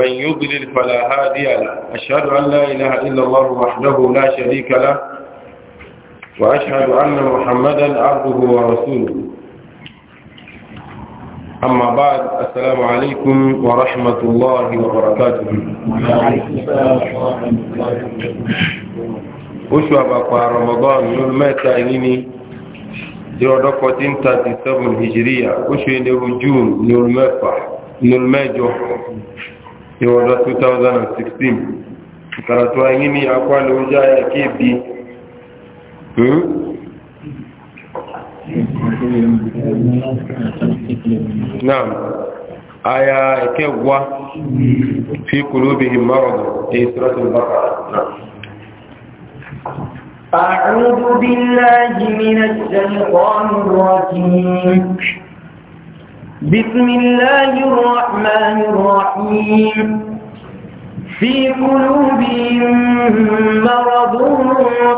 من يضلل فلا هادي له أشهد أن لا إله إلا الله وحده لا شريك له وأشهد أن محمدا عبده ورسوله أما بعد السلام عليكم ورحمة الله وبركاته أشهد بقى رمضان يوم متى إنني جودة 1437 هجرية أشهد جون نور مفح نور مجوح ìwọ̀dọ̀ 2016 ìkàràtò ayé ní akwálẹ̀ ojú ayé kéèbí náà aya ẹ̀kẹ́gbá fi kùlóbìnrin márùn-ún èyí sọ́rọ̀tún bákà náà أعوذ بالله من الشيطان الرجيم بسم الله الرحمن الرحيم في قلوبهم مرض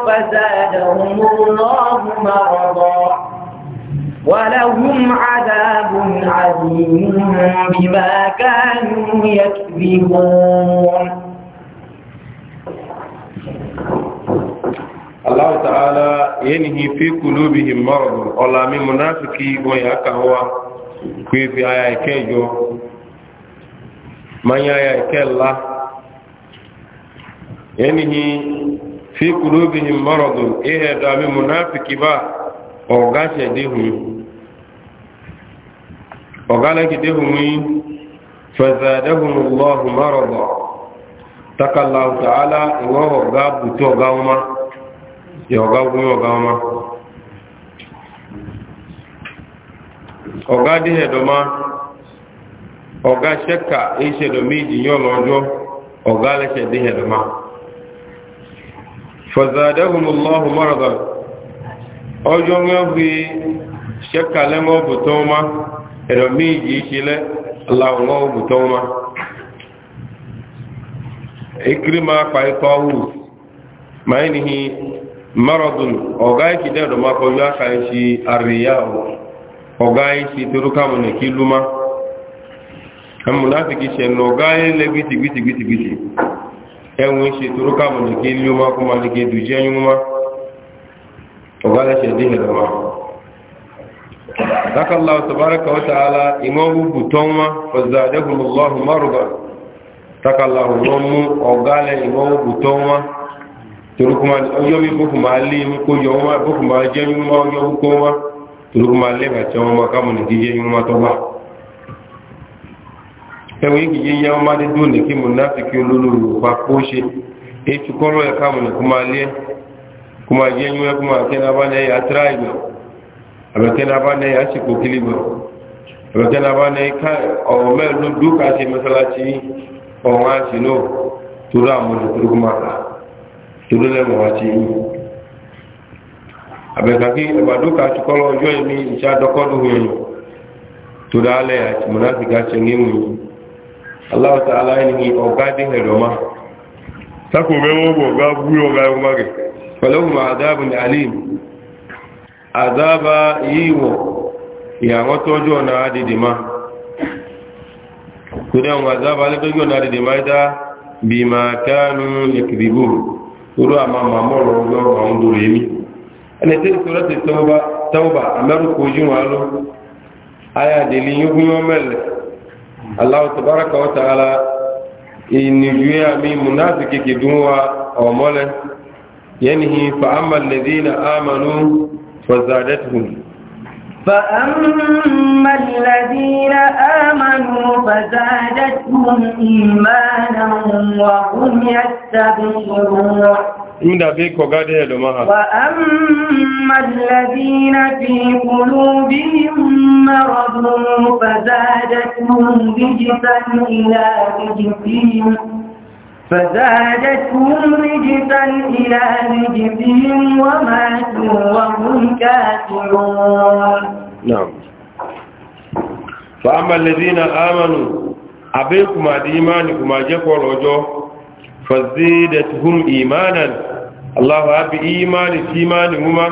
فزادهم الله مرضا ولهم عذاب عظيم بما كانوا يكذبون الله تعالى ينهي في قلوبهم مرض ولا من منافقي wa kwefi aya ìkẹjọ manya aya ìkẹla ẹnihi fi kúròbìnrin mọ́rọ̀dùn ihe dàmí munafiki bá ọ̀gáṣẹ̀ déhùn ọ̀gálẹ́kì déhùn yìí fẹ̀zẹ̀dẹ́hùn lọ́hùn mọ́rọ̀dùn takallahu ta'ala ìwọ́ ọ̀gá bùtú ọ̀gá ọma. ọ̀gá díhẹ̀dọ́má ọ̀gá ọga ìṣẹ̀dọ̀mí ìjìyàn lọ́jọ́ ọ̀gá lẹ́ṣẹ̀ díhẹ̀dọ́má fọ̀zàdẹ́hùnmùlọ́hù mọ́rọ̀dà ọjọ́ mẹ́fì ṣẹ́kà lẹ́mọ́ bùtọ́ọ́má ẹ̀dọ̀mí ìjì ìṣẹ̀lẹ̀ aláwọ̀ bùtọ́ọ́má ikirima kpaikọ ọhụụ ma ẹnihi mọ́rọ̀dùn ọ̀gá ìkìdẹ́dọ̀má aka àkàìṣì àríyá ọ̀gá ìṣe tó rúkàmù ní lúmá ẹmù láti kí ṣe ẹnu ọ̀gá ilẹ̀ gbìtìgbìtìgbìtì ẹwùn ìṣe tó rúkàmù ní lúmá kó ma ní ụma. dùjẹ́ yúnmá ọ̀gá lẹ́ṣẹ̀ dé ẹ̀rọ̀má dákàlá ọ̀tọ̀bárẹ́kà ọ̀tàálá ìmọ̀ gbogbo mú kó turukuma leba cɛma ma kamu ni kije ɲuma tɔba ɛwɔ yi kije ɲuma de don de ki munafiki lulu ba kose e eh, tukɔlɔ ya kamu ni kuma lɛ kuma je ɲuma kuma kɛnɛ ba ne ya tira yi ma a bɛ kɛnɛ ba ne ya siko kili ma a bɛ kɛnɛ ba ne ka ɔ mɛ lu du ka se masalaci ɔ ŋa sino turu a mun turukuma kan turu ne mɔgɔ ci abẹ́kàkí ẹ̀bàdókà ti kọ́lọ́ ọjọ́ ìmí iṣẹ́ adọ́kọ́dù yẹn tó dálẹ̀ àti mọ̀nàfíkà ṣe ń mú yìí aláwọ̀ta aláìní ọ̀gá dé ẹ̀rọ̀má sákò mẹ́wọ́gbọ̀ ọ̀gá bú ọ̀gá ẹ̀rọ̀má rẹ̀ pẹ̀lọ́hùn àdáàbùn alim àdáàbà yíwọ̀ ìyàwó tọ́jú ọ̀nà àdìdìmá tó dẹ́ àwọn àdáàbà alẹ́tọ́jú ọ̀nà àdìdìmá dá bí màkánú ìkìdìbò tó rọ àmà màmọ́ ọ̀rọ̀ ọgbọ́n àwọn dòrò èmi ẹni tí ìṣòro ti tọ́wọ́bà amẹ́rùkú ojú wọn ló ayé àdèlé yógún yóò mẹ́lẹ̀ aláwọ̀ tọ́báraka ọ̀tà ara ìnìjú àmì múnáàtì kìkì dùn wa ọ̀mọ́lẹ̀ yẹni hi fa'amma lèdínà àmàlú fọ̀zàdẹ́tùn فأما الذين آمنوا فزادتهم إيمانا وهم يستبشرون inda bai koga da ya doma ha. Wa'ammallabi na fi kulu biyun maradu fazadatun rijisan ila rijifin. فزادتهم رجسا إلى رجسهم وماتوا وهم كافرون نعم فأما الذين آمنوا أبيكم أديمانكم أجفوا الوجوه فزيدتهم إيمانا Allah ha bi imani timani huma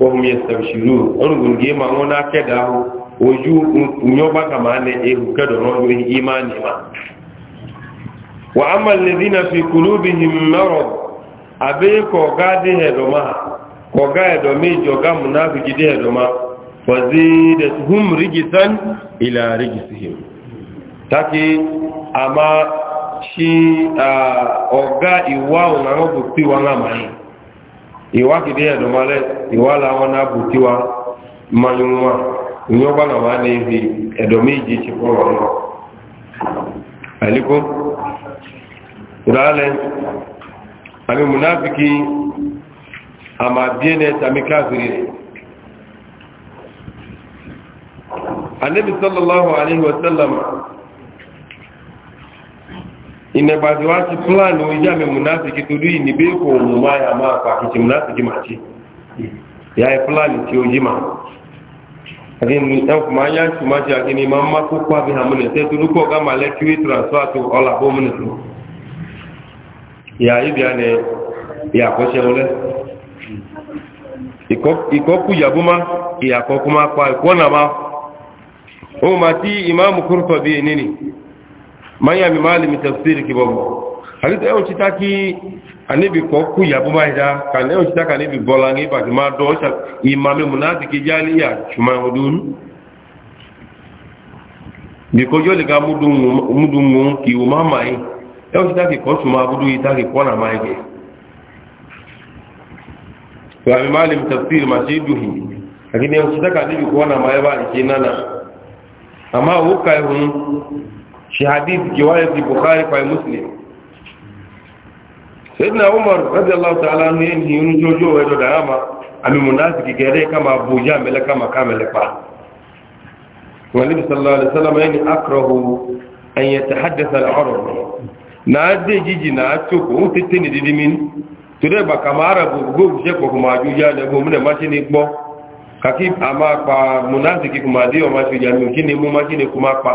wa hum yastabshirun orun ge ma won na ke da ho oju nyo ba kama ne e hu ke do ron yi imani ma wa amma alladhina fi qulubihim marad abe ko gadi he do ma ko ga e do mi jo ga munafiki de he do ma fazidatuhum rijsan ila rijsihim taki ama ṣe ọ̀gá ìwá ọ̀nà àwọn bò tí wa náà máa yìí ìwá kìdí ẹ̀dọ̀mọ́lẹ̀ ìwá làwọn náà bò tí wa máa yún wa ìyẹn ọgbà náà máa ní ibi ẹ̀dọ̀ méjì ti fún wọn náà imebazi na plan ujame munafiki tudui ni beko mumaya mapa kiti munafiki ya plan ti ujima lakini ndio kumanya ma lakini mama kukwa bi hamune tetu luko kama lekiwi transfer to ola bomune tu ya hivi ane ya koshe ole iko ma ya kokuma kwa kuona ma o imamu maya mi mali mi tafsiri kibobo halitta yau ci taki anibi ko ku ya bu mai da kan yau ci taka anibi bola ngi ba ma do ta imami munafiki jali ya cuma hudun bi ko jole ga mudun mudun ki u mama yi yau ci budu yi taki ko na mai ge wa mi mali mi tafsiri ma ci duhi lakini yau ci shi hadith riwayat bukhari fa muslim sayyidina umar radiyallahu ta'ala anhu yin yun jojo wa do dama ami munafiki gere kama abuja mele kama kamele pa wali sallallahu alaihi wasallam yani akrahu an yatahaddatha al-arab na de jiji na tuko tetini didimin ture ba kama arabu go je ko kuma ajuja le bo mune mashini gbo kaki ama pa munafiki kuma dio mashini mu kini mu mashini kuma pa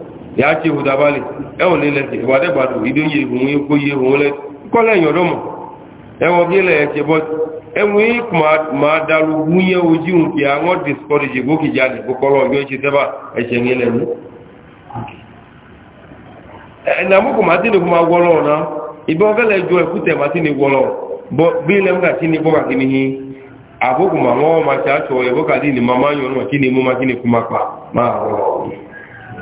ya ce hu dabali ẹwọ nílẹ̀ tí ìwà dẹ́gbàdù ìdó yìí ìhùn ikú yìí ìhùn lẹ kọ́lẹ̀ èèyàn lọ́mọ̀ ẹwọ gílẹ̀ ẹ̀kẹ́ bọ́ ẹwùn ikú máa dàlú wúnyẹ́ ojú ń pè àwọn discourage gòkè jáde kọ́kọ́rọ́ ọjọ́ ìṣe tẹ́bà ẹ̀ṣẹ̀ ń mú. máa ọ̀nà ju ẹ̀kútẹ̀ màtínì wọ́lọ́ bí ilẹ̀ mú kàtínì bọ́ kàtínì yìí àbókù màmá ọmọ ni máa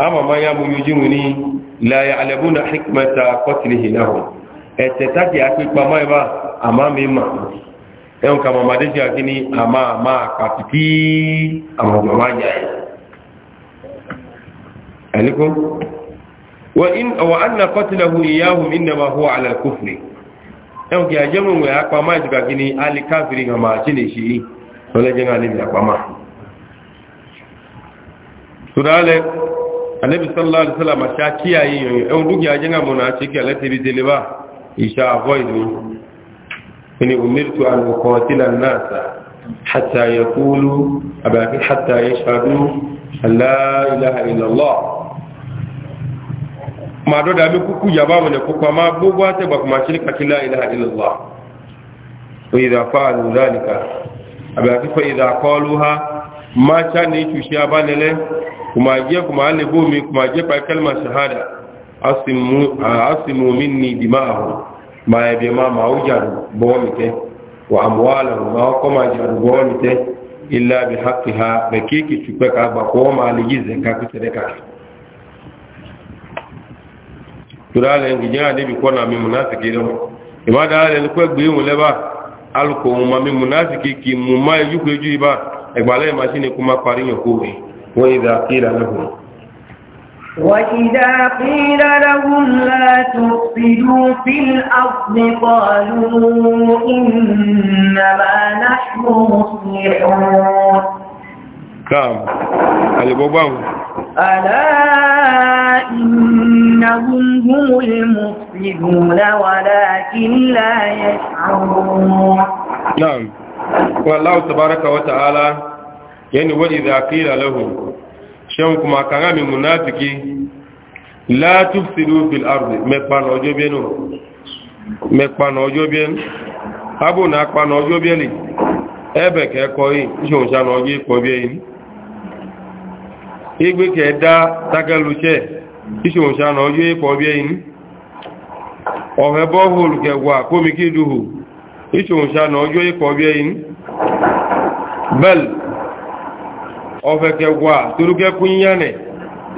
ama ma ya mu yujimu ni la ya'lamuna hikmata qatlihi lahum etetaki akipa ma ba ama mi ma en kama madeji akini ama ma kapiti ama mawaja aliko wa in wa anna qatlahu iyahum inma huwa ala al-kufr en ki ajemu ya akpa ma jika kini ali kafiri kama chini shi wala jenga ni akpa ma anabi sallallahu alaihi wasallam ta kiyaye en dugi a jenga mona ci ke la tebi dele ba isha avoid ni ini umirtu an uqatila an-nasa hatta yaqulu abaki hatta yashhadu la ilaha illa allah ma do da mi kuku jaba mo ne kuku ma bugu ate ba kuma shirka ki la ilaha illa allah wa idha fa'alu dhalika abaki fa idha qaluha ma ca ne cushi a banile kuma je kuma an lebo kuma je fa kalmar shahada asimu minni dima'ahu ma ya bi ma ma wuja bo wa amwalahu ma ko ma ja illa bi haqqiha da kike cupe ka ba ko ma aliji zakka ku sadaka turale ngi jina bi ko na mi munafiki do imada ale ko gbe mu leba alùkò mami munafiki kì mú má ejúkò ejú ibá ẹgbàlẹ́ ìmáṣí ni kó má parí yàn kó wọ́n ìdá kíra lẹ́kùn وَإِذَا قِيلَ لَهُمْ لَا تُفْسِدُوا فِي الْأَرْضِ قَالُوا إِنَّمَا نَحْنُ مُصْلِحُونَ Naam, alibogbangu. ألا إنهم هم المفسدون ولكن لا يشعرون نعم والله تبارك وتعالى يعني وإذا قيل لهم شوكما كان من منافقين la tufsidu fil ardi mekpana na akpana ojo ebe ka ekoyi na ojo igbe kẹta takaluṣẹ́ ìṣòṣànà ojú ipò ọbí ẹni ọ̀fẹ́ bọ́ọ̀hùlù kẹwàá kómi kí dùhù ìṣòṣànà ojú ipò ọbí ẹni bẹ́ẹ̀lì ọ̀fẹ́ kẹwàá torúkẹ́kún yánẹ̀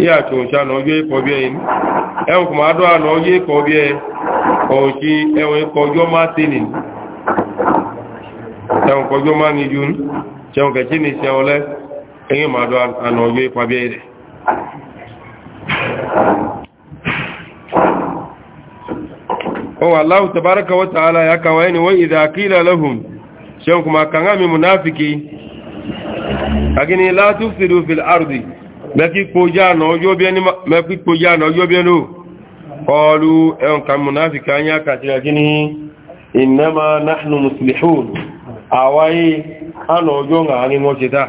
ìyà ṣòṣànà ojú ipò ọbí ẹni ẹ̀wọ̀n kò máa dọ́wà náà ojú ipò ọbí ẹ ọ̀ṣí ẹ̀wọ̀n ikọ̀ ọjọ́ máa tẹ́lì ẹ̀wọ̀n kọjọ́ máa ní jù ṣẹ̀wọ̀n kẹ̀kí ní ṣẹ̀wọ̀n lẹ́ẹ̀ ẹ̀yìn máa dọ́ ànà ọjọ́ ìpàbẹ́ rẹ̀ ọwọ́ aláwọ̀ tàbárakà wata ala ya kawai ni wọ́n ìdá kílà lọ́hùn ṣe kuma kan hami munafiki a gini látú fìdú fil ardi mẹ́kíkpójá ànà ọjọ́ bẹ́ẹ̀nú kọlu ẹ̀hùn kan munafiki anya kàtíra gini inama náà musulihun àwáyé ànà ọjọ́ ń àárín wọ́n ṣe dáa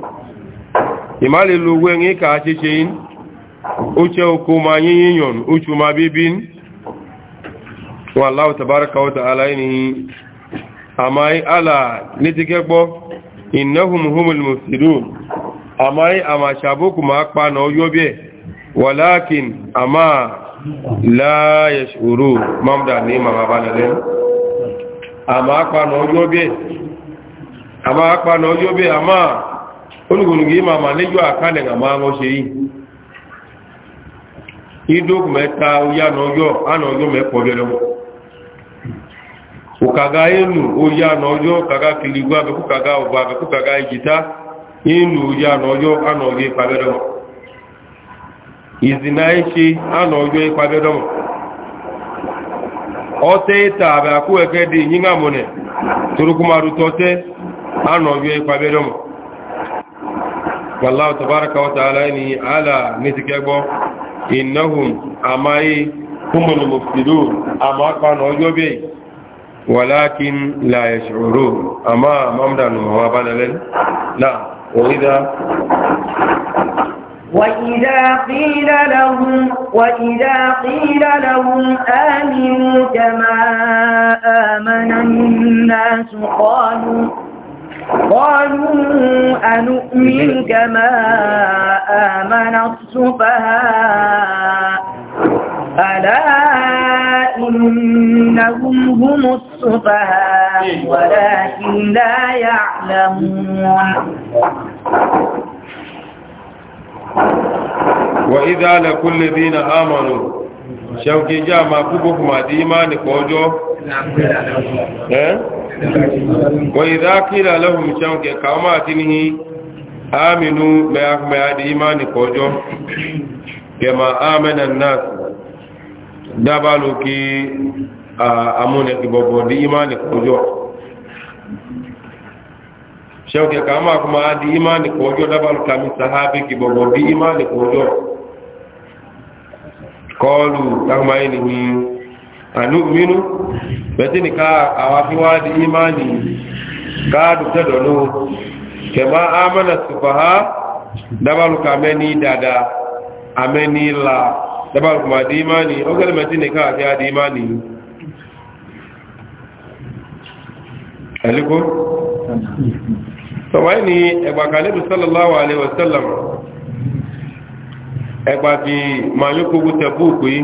ìmáàlè lo owó ẹ̀yìn ká ṣeṣe yín ó jẹ́ oko ma yíyìn yàn oṣù ma bíbí wọn aláwọ̀ tàbárakà ọ̀tà aláìní àmà àlà ní ti kẹ́gbọ́ ìnáhùn homilmùsìlù àmà àmà ṣàbókù ma pa náà yọ́ bẹ́ẹ̀ wàlákin àmà láyẹ̀ pa náà yọ́ bẹ́ẹ̀ onígbòlùgbé máa ma léjọ́ àkálẹ̀ àmà a ṣe yìí ìdókù mẹ́ta oyána ọjọ́ àna ọjọ́ mẹ́kọ̀ọ́jọ́ lọ́wọ́ òkàgá ìlú oyána ọjọ́ kàgá kìlìgbà bẹ̀kú kàgá ọgbà bẹ̀kú kàgá ìjìta ìlú mụ. ọjọ́ àna ọjọ́ ìpàbẹ́dọ́mọ̀ ìzìnà ìṣe àna ọjọ́ ìpàbẹ́dọ́mọ̀ ọtẹ́ ìta àbẹ̀ àkúwẹ̀kẹ́ mụ. wallahu tabaraka wa ta'ala ni ala nitikegbo innahum amai humul mufsidun ama kana ojobe walakin la yash'urun ama mamdan wa banalen la wa idha وإذا قيل لهم وإذا قيل لهم آمنوا كما آمن الناس قالوا قالوا أنؤمن كما آمن السفهاء ألا إنهم هم السفهاء ولكن لا يعلمون وإذا لكل الذين آمنوا شوكي جاء ما ما ديما نعم إيه؟ وإذا قيل لهم شنك كاماتنه آمنوا ما أخمى هذه إيمان كوجو كما آمن الناس دبالوك أمونك بابو دي إيمان كوجو شنك كما أخمى هذه إيمان كوجو دبالوك من صحابك بابو دي إيمان كوجو قالوا تغمينه ànúgbínú bẹ̀tí ni ká àwọn afíwádi imani káàdù tẹ́dọ̀nú kẹma amẹ́nà sùfàá dábàlùkà mẹ́ni dada amẹ́ni la dábàlùkà máa di imani ọgẹ́lẹ̀ mẹ́tí ni ká àfíà di imani ẹ̀lẹ́kọ́ tọ́wáì ni ẹgbàkalẹ́bù sallallahu alaihi wasallam ẹgbàfi mayókogún tẹ̀bùkù yìí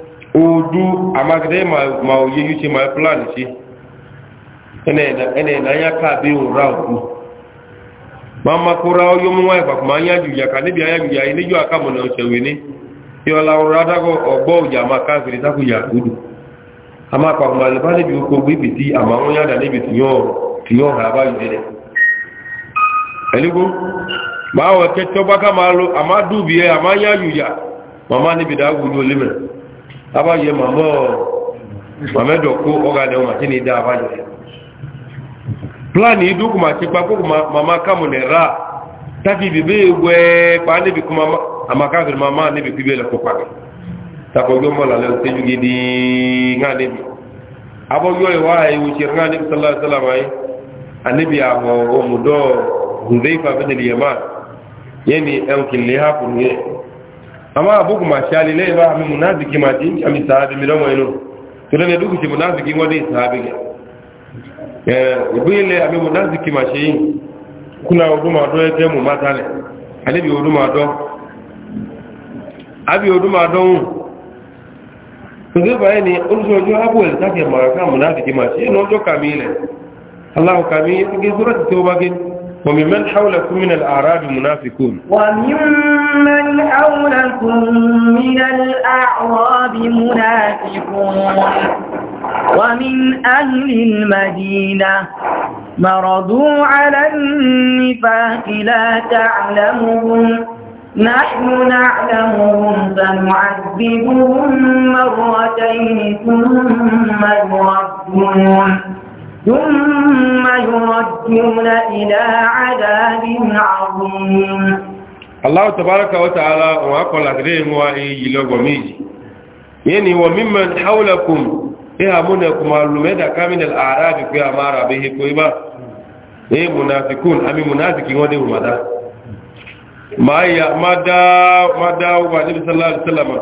odu amagide ma ma oye yuti ma plan ti ene na ene na ya ka bi o ra oku mama ko ra oyo mu wa ba ma ya ju ya ka ni bi ya ju ya ile ju aka mo na o chewe ni yo la o ra da ko ogbo o ja ma ka firi ta ku ya odu ama pa ma le ba le bi ko bi bi ti ama won ya da le bi ti yo ti yo ha ba ju de eligo ma o ke to ba ka ma lo ama du bi e ama ya ju ya mama ni bi da wu ju le me aba yɛ mamɔ mamɛ dɔ ko ɔga dɛ ɔma tini da aba yɛ plani idu kuma ti kpa ko mama kamu ne ra taki bi be wɛ kpa ne bi kuma ama ka fɛ mama ne bi kibe le ko kpa kɛ tako yɔ mɔ la lɛ seju te jugi ne bi abo yɔ yi wa ye wusi ŋa ne bi sallallahu alaihi wa sallam ayi ane bi awɔ omu dɔ hunzeyi fa bi ne liyɛ ma yɛ ni ɛnkili ha kuru yɛ amma abuku ma shali lai ah, ba mi munafiki ma tin ami sahabi mi don wayo to ne duku ci eh, ah, munafiki wani sahabi ga eh ibu ile ami munafiki ma shi kuna huduma do yake mu mata ne alibi huduma do abi huduma do kuzi bayani ulzo jo abu el take ma ka munafiki ma shi no jo kamile allah kamile ki surati tauba ki وممن حولكم من الأعراب منافقون وممن حولكم من الأعراب منافقون ومن أهل المدينة مرضوا على النفاق لا تعلمهم نحن نعلمهم فنعذبهم مرتين ثم يردون ثم يردون إلى عذاب عظيم الله تبارك وتعالى وأقول أدريهم وإيجي لغميجي يعني وممن حولكم إيه منكم المدى كامل الأعراب في أمارة به كويبا إيه منافقون أمي منافقين وديه مدى ما يا مدى مدى صلى الله عليه وسلم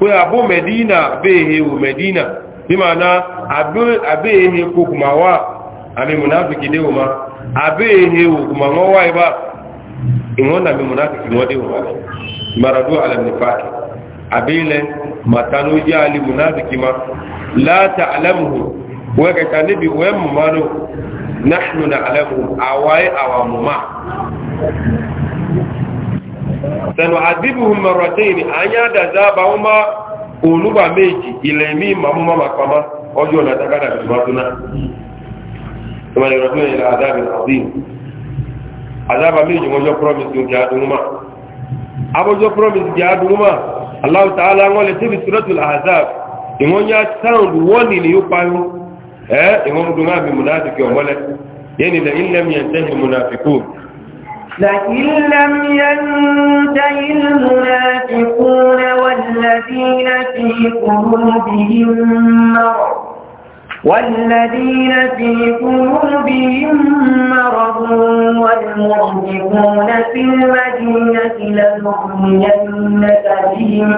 pé abó medina abéhe wò medina bí ma ná abéhe kò kùmà wá àmì mùnáfìkì dé wò ma abéhe wò kùmà wọ́n wá ibá ìwọ́n nà mi mùnáfìkì wọ́n dé wò ma maradu alamnifaki abéle matanu alì mùnáfìkì ma láta alamuhu wọ́n níbi wọ́n náà sanu adibuhum marratayn anyada zaba uma oluba meji ile mi mamuma makama ojo na takada kumatuna kama ni rabbuna ila adhabin azim azaba meji mojo promise ngi aduma abojo promise ngi aduma allah ta'ala ngole tibi suratul ahzab ingonya sound warning ni yupayo eh ingomdunga bi munafiki omole yani la illam yantahi munafiqun لئن لم ينتهي المنافقون والذين في قلوبهم مرض والذين في قلوبهم مرض والمرهقون في المدينة لنغنينك بهم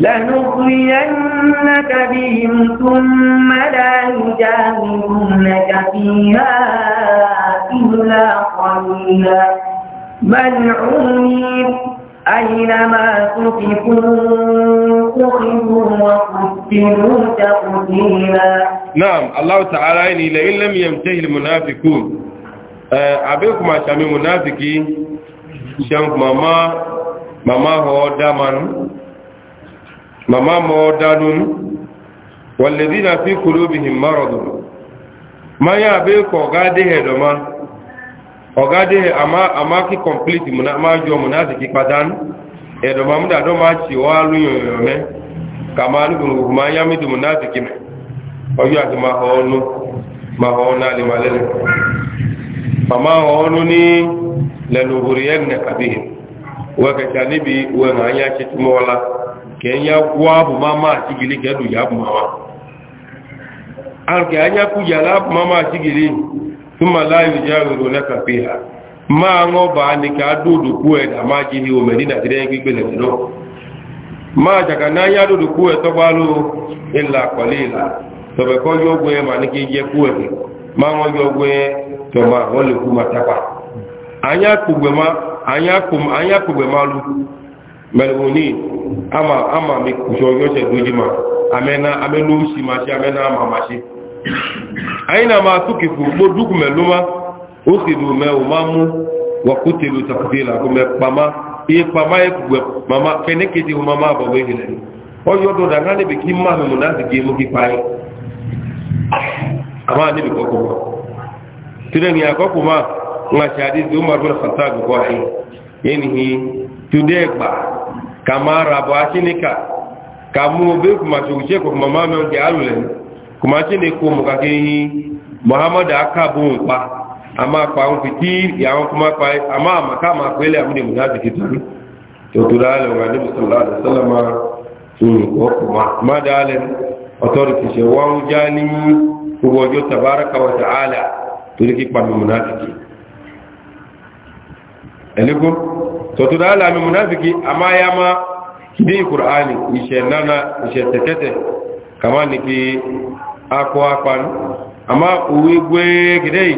لنغرينك بهم ثم لا يجاورونك فيها إلا قليلا ملعونين أينما تفكوا أخذوا وقتلوا تقتيلا نعم الله تعالى إني لئن لم ينتهي المنافقون أبيكم أشامي منافقين شامك ماما ماما هو دامن mama mɔɔdanun walladina fi kulubihim maradun maya be ko gade he do ma o gade he ama ama ki complete muna ma jo muna de ki padan e do ma muda do ma ci wa lu yo yo kama lu bu ma ya mi du muna de ki me o yo ati ma ho nu ma ho na le malele fama ho nu ni lanuhuriyanna abihim wa ka janibi wa ma ya ci tumola kenya kwa bụ mama achigili ka edu ya bụ mama alke anya kujala bụ mama achigili tuma la yujawiru laka fiha ma ngoba ni ka dudu kuwe da maji ni omedina dire gbe le no ma jaka na ya dudu kuwe to balu illa qalila to be ko yogwe ma ni ki je kuwe ma ngo yogwe to ma wole kuma tapa anya kugbe ma anya kum anya kugbe ma lu meluni ama ama mi kucho yote dujima amena amenushi mashi amena ama ma mashi aina ma tukifu boduku meluma usidu me umamu wa kutilu takdila kume pama iye pama ye kugwe mama fene kenekiti umama abo wehile oyo do da ngane biki ma me munazi gimu kipai e. ama ni biko ko tire ni akoko ma ngashadi umar bin khattab ko ai e. yeni hi tudegba kama rabo akinika kamu be kuma to che ko mama me ngi alule kuma che ne ko muka ke hi muhammad Akabu bu pa ama pa un piti ya un kuma pa ama maka ma kwele amune munabi kitan to tulale wa nabi sallallahu alaihi wasallam tu ko kuma madalen authority she wa ujani ko bojo tabaraka wa taala tuliki pa munafiki ẹnigbó tọ̀tọ̀ dáa láàmì múnáfikì àmáyámá kìdí ìkùránì ìṣẹ̀ nánà ìṣẹ̀ tẹ̀tẹ̀tẹ̀ kàmá ní kí akọ apanu àmá òwe gbé gidẹ́ yìí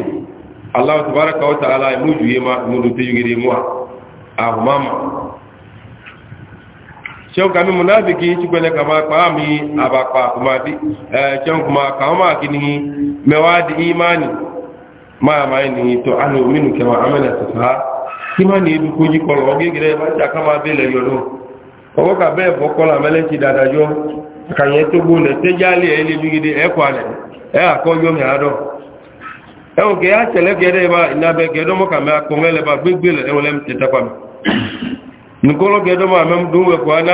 aláwọ̀ tàbára kàwọ́ tààlà ìmújú yé ma ìmúdó tẹ́jú gidẹ́ mú àhùmáma ṣeun kàmí múnáfikì ṣùgbẹ́lẹ̀ kàmá pàámi àbàpà kùmáfi ṣeun kùmá kàwọ́mà kì ní mẹ́wàá di ìmáni máa máa ní tó àlò mínú kẹwàá amẹ́lẹ̀ tẹ̀fà kima ni edu koji kɔlɔ ɔgegere ba ti akama be le yɔ e ɔwɔ e, e ka bɛ bɔ kɔlɔ amɛlɛ ti dada yɔ akanyɛ togbo lɛ tɛdzali yɛ le dugidi ɛkɔ alɛ ɛ akɔ yɔ mi adɔ ɛwɔ ke atsɛlɛ kɛ dɛ ba nabɛ kɛ dɔmɔ lɛ ba gbegbe lɛ ɛwɔ lɛ nukɔlɔ dɔmɔ amɛ do wɛ kɔ ana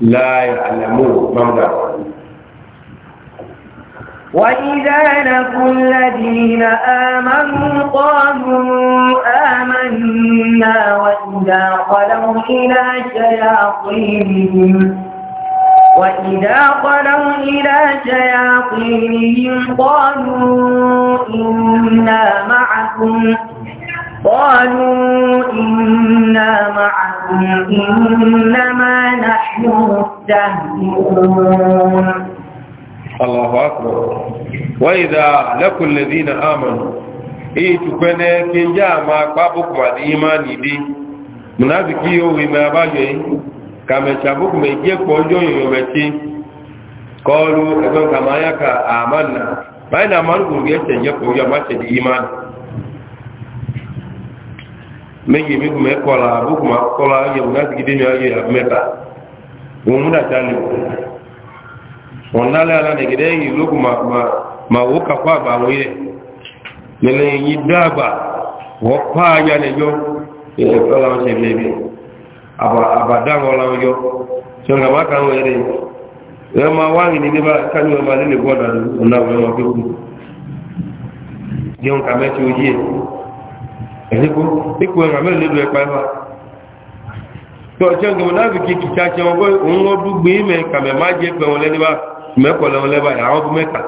لا يعلمون ماذا وإذا لقوا الذين آمنوا قالوا آمنا وإذا خلوا إلى شياطينهم وإذا خلوا إلى شياطينهم قالوا إنا معكم قالوا إنا معكم إنما نحن مستهزئون الله أكبر وإذا لكل الذين آمنوا إيه تكون كنجا ما قابك مع الإيمان دي منافقي يوم ما باجي كما شابك ما يجيك بوجو يومتي قالوا إذن كما يكا آمنا بين أمانكم يتنجيك بوجو ما تدي إيمان méjì mi kò mẹ kọla bó kò má kọla yẹ munafiki wọn múdà jálẹ̀ wọn nálẹ́ alánẹ̀gẹ̀dẹ́ yìí lókù ma wó kàfà àbà àwọn ilẹ̀ lẹ́lẹ́ yìí dáàbà wọ́n pa ayá lẹ́jọ́ ẹ̀fẹ́ láwọn ṣe lẹ́bí àbàdáwọn láwọn yọ tí wọ́n kàbá káwọn ẹ̀rẹ́ wọ́n ma wá rìn nílé bá kájú ọmọ alẹ́ lè gbọ́dọ̀ ọ̀nà àwọn ọmọ tó kù jẹun kàmẹ́ tí ó yé ẹ̀ríkó ikú ẹ̀rọ mẹ́rin lè lu ẹ̀pá ẹ̀fà ọjọ́ ìgbìmọ̀ náà kìí kìí ṣe ọgbọ́ òun ọdún gbé mẹ́ka mẹ́má jẹ́ pẹ̀ wọn lẹ́nibá mẹ́kọ̀ lẹ́wọn lẹ́bà àwọn ọdún mẹ́ka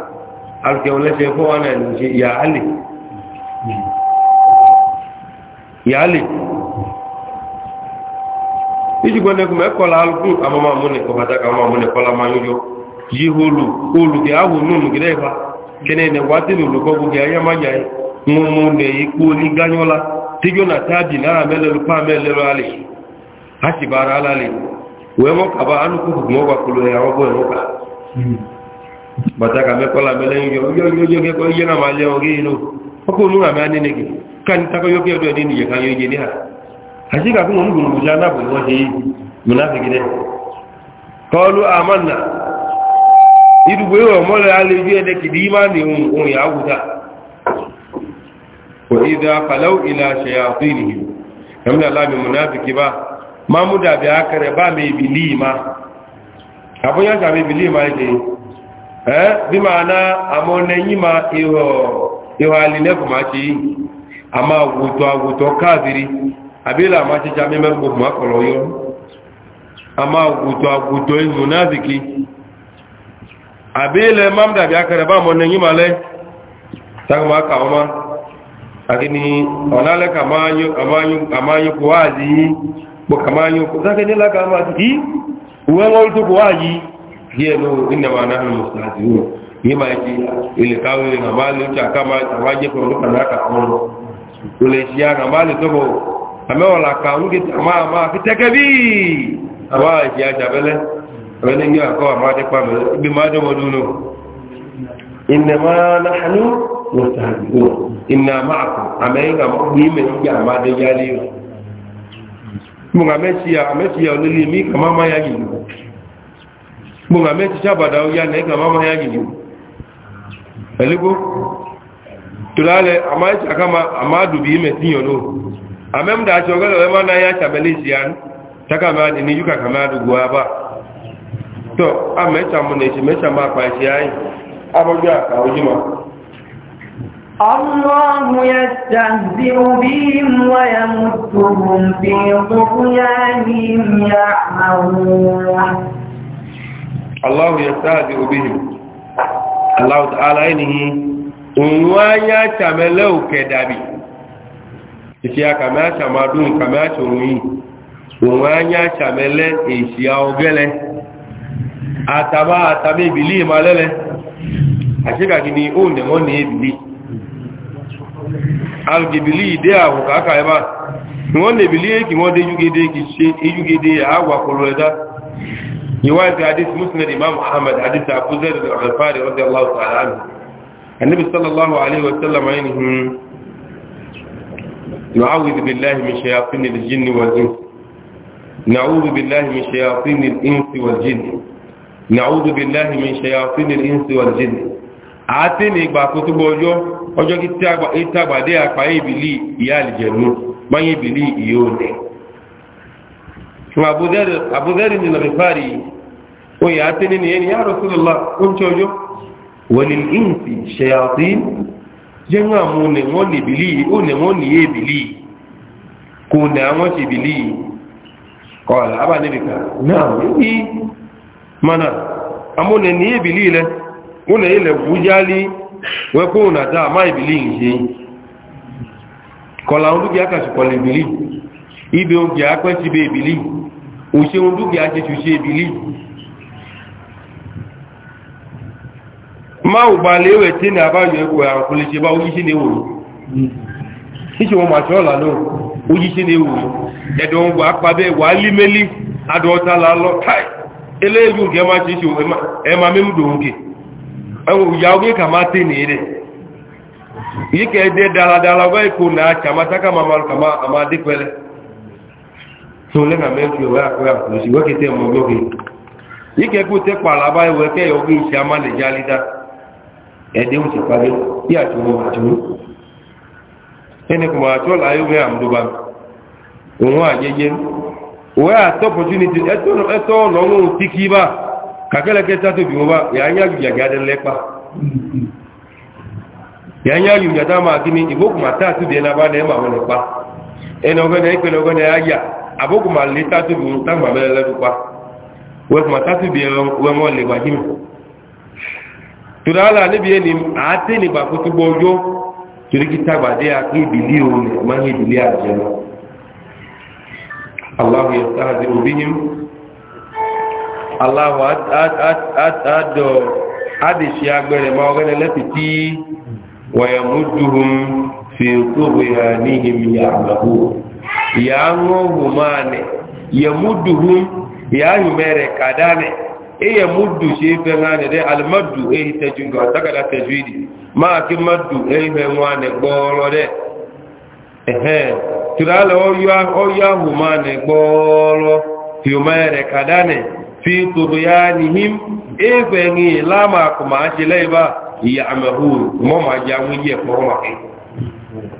alùkẹ́ wọn lẹ́sẹ̀ fún wọn náà ṣe yàálè yàálè ìjùgbọ́n nẹ́kùn mẹ́kọ̀ lálùkùn àmọ́mọ́mọ́nẹ̀ kọ̀bàtàkà àmọ́mọ́mọ́nẹ̀ kọ́lá máa yóyọ yí hólù hólù kẹ́ àwọn onónù gẹ́rẹ́ ìfà kẹ́nẹ́ ha si bara ala wee mụka ba anụ kwukwuk ma ọ ya ọ bụ emụka bata ka mekwala mele ihe oge oge oge oge ihe na amalia oge inu na ka anyị takọ yoke ọdụ ọdị n'ihe ka anyị oge n'iha achi ga-akwụ na ngwuru ngwụcha na bụ nwa ihe mụnafigide ka ọlụ amanna idugbo ewe ọmọlẹ alẹ ju ẹdẹ kìdí ìmánì ohun ta Mamuda abi akẹrẹ bá mi ìbìlì ma àbúyá sàmì ìbìlì ma ṣe ẹ́ bí ma ná àmọ́ nẹ́yìn ma ihò alìlẹ́kùn ma ṣe yìí a ma wùtọ̀ àwùtọ̀ káàkiri àbílà ma ṣe sàmì mẹ́kùn ma kọ̀lọ̀ yọ ma wùtọ̀ àwùtọ̀ ìhùn náà zìkì àbílẹ̀ mahmud abi akẹrẹ bá mọ́ nẹ́yìn ma lẹ́ sàmì ma kà ọmọ àti ni ọ̀nà alẹ́kà máa yókù wáàzì yìí وكمان يقول ذاك نلا كما تي وين قلت كواجي هي لو انما نحن مستهزئون يما يجي اللي كاوي اللي مالي تا كما واجي كون كان هكا كون ولا شيء انا مالي تو اما ولا كاون دي ما ما في تكبي واجي يا جبل ولن يا كو ما دي قام بما دو دونو انما نحن مستهزئون انا معكم اما يجي ما دي جالي gbogbo amẹ́tí ya olóli mi kà máa máa yá gìlì gbogbo amẹ́tí sábàdà ya nẹ́ kà máa máa yá gìlì ẹ̀lẹ́gbó tó lálẹ́ àmáyẹ́sàká máa dùbí ìmẹ̀ sí yàn náà amẹ́mdà àti ọgọ́lọ̀ ẹ máa náyà sàbẹ̀lẹ̀ sí yàn tákà máa dì ní yúkà kà máa dùgbò abá tọ́ amẹ́sàmùnà ìṣẹ̀mẹ́sàmà pàṣẹ ayé abọ́jú الله يستهزئ بهم ويمتهم في طغيانهم يعمهون الله يستهزئ بهم الله تعالى إنه ونوايا تملو كدابي ìṣíyà kàmẹ́ àṣàmàdún kàmẹ́ àṣòrun yìí òun ányá àṣàmẹ́lẹ́ èṣìyà ọgẹ́lẹ́ àtàbà àtàbà ìbìlì ìmàlẹ́lẹ́ àṣíkàkì ni ó nẹ̀mọ́ ní ìbìlì algebili ide awo kaka eba won le bili eki won de yugede ki se yugede awa kolo eda yiwa ti hadith musnad imam ahmad hadith abu zaid al-ghifari radiyallahu ta'ala anhu annabi بالله من شياطين الجن والإنس نعوذ بالله من شياطين الإنس والجن نعوذ بالله من شياطين الإنس والجن أعطيني بقى كتب ọjọ́ kí tí àgbàdé àpá ìbìlì ìyá àlìjẹ̀lú máyé ìbìlì ìyó nẹ̀. àbúzẹ́rì ni lọ́rẹ̀fàrí oyè àtẹ́ni ni ẹni yàrá ó ń tọ́jọ́ wẹ̀lì ìǹsì ṣẹ̀yàtí jẹ́ wọn àmú ní ìbìlì mana rẹ̀ wọ́n ilẹ̀ wọ́n pé òun àdá àmá ìbílí ìṣe kọ̀lá ohun dúkìá kàṣùkọ̀lẹ̀ ibi ohun kìá pẹ́ òṣè ohun dúkìá ṣe ṣùṣe ò bá léwẹ̀ tí ní àbáyọ ẹgbẹ̀ àkùnlé ṣe bá ojíṣẹ́ ní òòrùn níṣẹ́ wọn màṣọ́ ọ̀là náà ojíṣẹ́ ní ẹ̀dọ̀ wà límẹ́lí adọ́ta lálọ́ káì eléyìí ẹwọ ìyá ogé kà máa tẹ́ ní ilé yìí kẹ́ dé dáradára wẹ́ ikú náà kàmátákà mamalu kàmá àmà dípẹ́lẹ̀ tó lẹ́nà mẹ́fì wẹ́ àkọ́ àkùrọ̀sí wẹ́ kẹ́ tẹ́ mọ́ lókè yìí kẹ́ kó tẹ́ pààlà báyìí na ọgbẹ́ ìṣẹ́ àmà lè já lídá ẹ̀dẹ́ ń sèpàdé bí àtúnwò àtúnwò ẹni kò máa tọ́ láyé wẹ́ àmúdóbá òun àjẹjẹ wẹ́ kakẹ́lẹ́kẹ́ tátòbí wọ́n bá yàáyáyù yàgádẹ́ lẹ́pá yàáyáyù yàdá máa kí ní ìbókùnmà tátòbí ẹna bá lẹ́mà wọn lẹ́pá ẹna ọgọ́nà ìpẹ̀lẹ̀ ọgọ́nà ayà àbókùnmà lé tátòbí wọn tágbà mẹ́lẹ̀ lẹ́dùpá wẹ́kùnmà tátòbí wọn lè wájú mi tòdálà níbi ẹni àátẹ́ nígbà kó túbọ̀ ọjọ́ torí kí tágbàdé akí ìdílé òun lè má aláwọ̀ àdọ̀ àdìsí agbẹ̀rẹ̀ máa ọgẹ́rẹ̀ lẹ́pì tí wọ̀yàmúdùhùn fi kóbò ya níhìm yàmàhù ìyá ńwọ̀hù máa nẹ̀ yàmúdùhùn ìyá yùmẹ̀rẹ̀ kàdánẹ̀ iya muddu shi fe ngane de al maddu e hita junga daga da tajwidi ma ki maddu e fe ngane gboro de ehe tirala o ya o ya humane gboro fi ya efe ni lama kuma ajele ba ya'mahu mo ma jamu ye koroma ke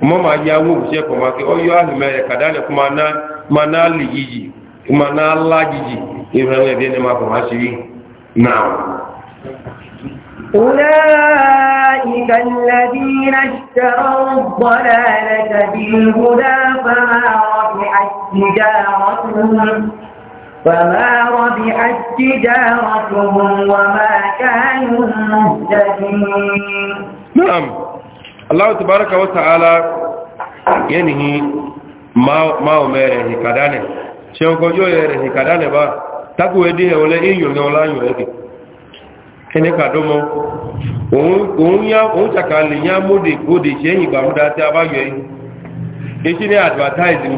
mo ma jamu je ko ma ke oyo ahme kadale kuma na mana kuma na lajiji ibrahim bi na ma ko ma now أولئك الذين اشتروا الضلالة فما ربحت تجارتهم وما كانوا مهتدين نعم الله تبارك وتعالى ينهي ما ما أمره كدانه شو كوجو يره كدانه با تكو يديه ولا إيو ولا إيو يك kene ka domo òun ya ya ni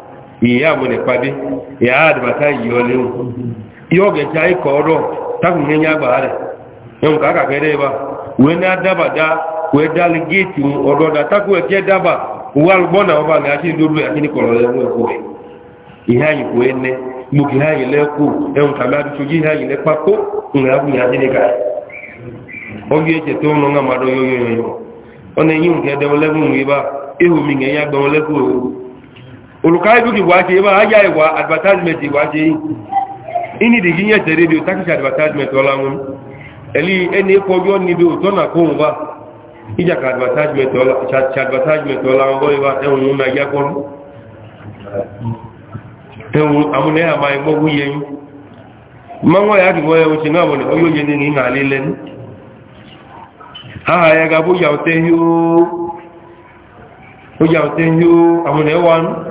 ìyá àmúnẹ̀ pàdé ìyá àdìbàtà ìyọ léwu yóò gẹ̀ẹ́jà ikọ̀ ọ̀rọ̀ tákùn ní yàgbà rẹ̀ ẹ̀hùn kàkàkẹ́ dẹ́ bá wẹ́n ní adábàdá wẹ́n dálé géètì ọ̀dọ́dà tákùn ẹ̀kẹ́ dábà wà lùbọ́nà ọba ní àti ìdúró àti nìkọ̀rọ̀ ẹ̀hùn ẹ̀kọ́ rẹ̀ ìhá yìí kò ẹ̀ nẹ́ gbòkè ìhá yìí lẹ́kù ẹ̀hùn kàmí àdúsojú ìhá yìí lẹ́pà kó ńlá olùkáyébùkì wà ṣe máa yá ìwà advertisement wà ṣe yìí inú ìdìgí yẹn tẹ̀lé bí o tákìṣẹ́ advertisement ọlá wọn ẹ̀lí ẹni kọjọ́ níbi òtọ́ nà kóhùn wá ìjàkà advertisement ọlá wọn wọ́n wá ẹ̀hùn ún nàíjá ẹ̀hùn amúnẹ́yà máa gbọ́gbú aha ya ya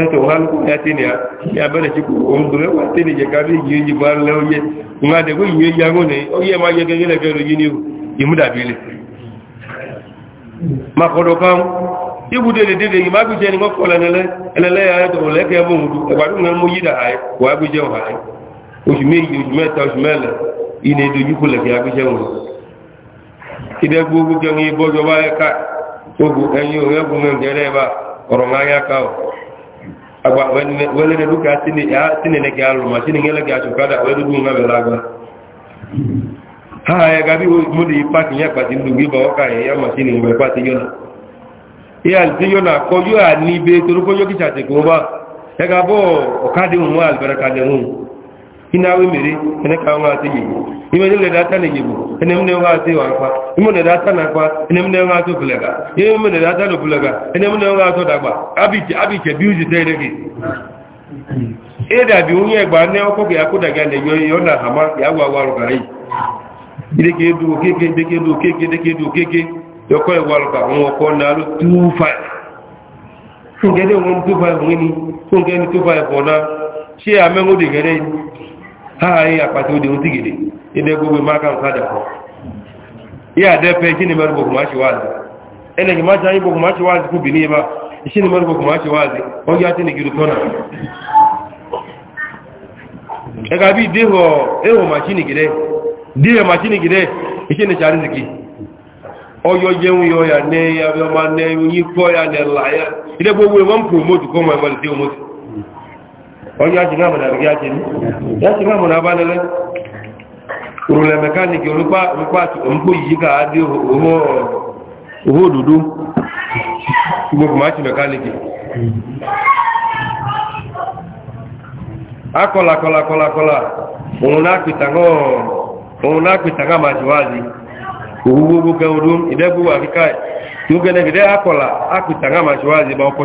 ẹ̀tọ̀ wọn kò ní àtẹ́ni àbẹ́rẹ̀ tí kò ń dùn lẹ́wọ́ àtẹ́ni jẹ káàrí yìí yìí bá lẹ́ oyé wọn àdẹ̀gbẹ́ yìí yìí yàgò ní oyé máa yẹ gẹ́gẹ́ lẹ́gẹ́ lóyí ní ìmúdàbílẹ̀ ma kọ́dọ̀ kan ibùdó lè dédé yìí má bụ ni wọ́n kọ́ lẹ́nẹ́lẹ́ ẹlẹ́lẹ́ ọ̀rọ̀ máa yá agba wele de duka tini ya tini ne ga lu ma tini ngele ga chuka da wele du ngabe laga ha ya bi mo di pati ya pati du gi ba ka ya ma tini ngwe pati yona ya ti yona ko yo ani be toru ko yo ki chate ko ba e ga bo o ka de mu al baraka de mu inawe mere ene ka nwa ati yebu ime ne leda ata ne yibu ene mne nwa ati wa kwa ime ne ta na kwa ene mne nwa ati bulega ime mne no bulega ene mne nwa ati dagba abiche abije biuji tere gi eda bi unye e gba ne oko ke akuda ga ne yo na hama ya wa wa ru gari ke du ke ke de ke du ke ke de ke du ke ke yo ko e na lu 25 fun na ha e anyị akpati ụdị oti gidi gbogbo ma aka nka dako ya depe kini meru gbogbo ma shiwazi ene ki ma jayi gbogbo ma shiwazi ku bini ba ishi ni meru gbogbo ma shiwazi oge ati ni girutona ega hụ deho eho machini di ya machini gide ishi ni chari ziki oyo jeun yo ya ne ya bi o ma ha yi ya ne la ya ide gbogbo e won promote ko mo e mo ọjọ́ àti náà mọ̀nà àrígá jẹ́ ní yàtí náà mọ̀nà abánilẹ́ òrùlẹ̀ mẹ́kánìkì olúpá òmùkú yìí ká á dé owó òdòdó gbogbo máa ti mẹ́kánìkì akọ́lá kọ́lá kọ́lá kọ́lá òun náà pìtàkà máa ti wáàzí òwú gbogbo kẹ odó ìdẹ́gbò àríká tí ó gẹ́nẹ́gẹ́dẹ́ akọ́lá apìtàkà máa ti wáàzí bá ọpọ̀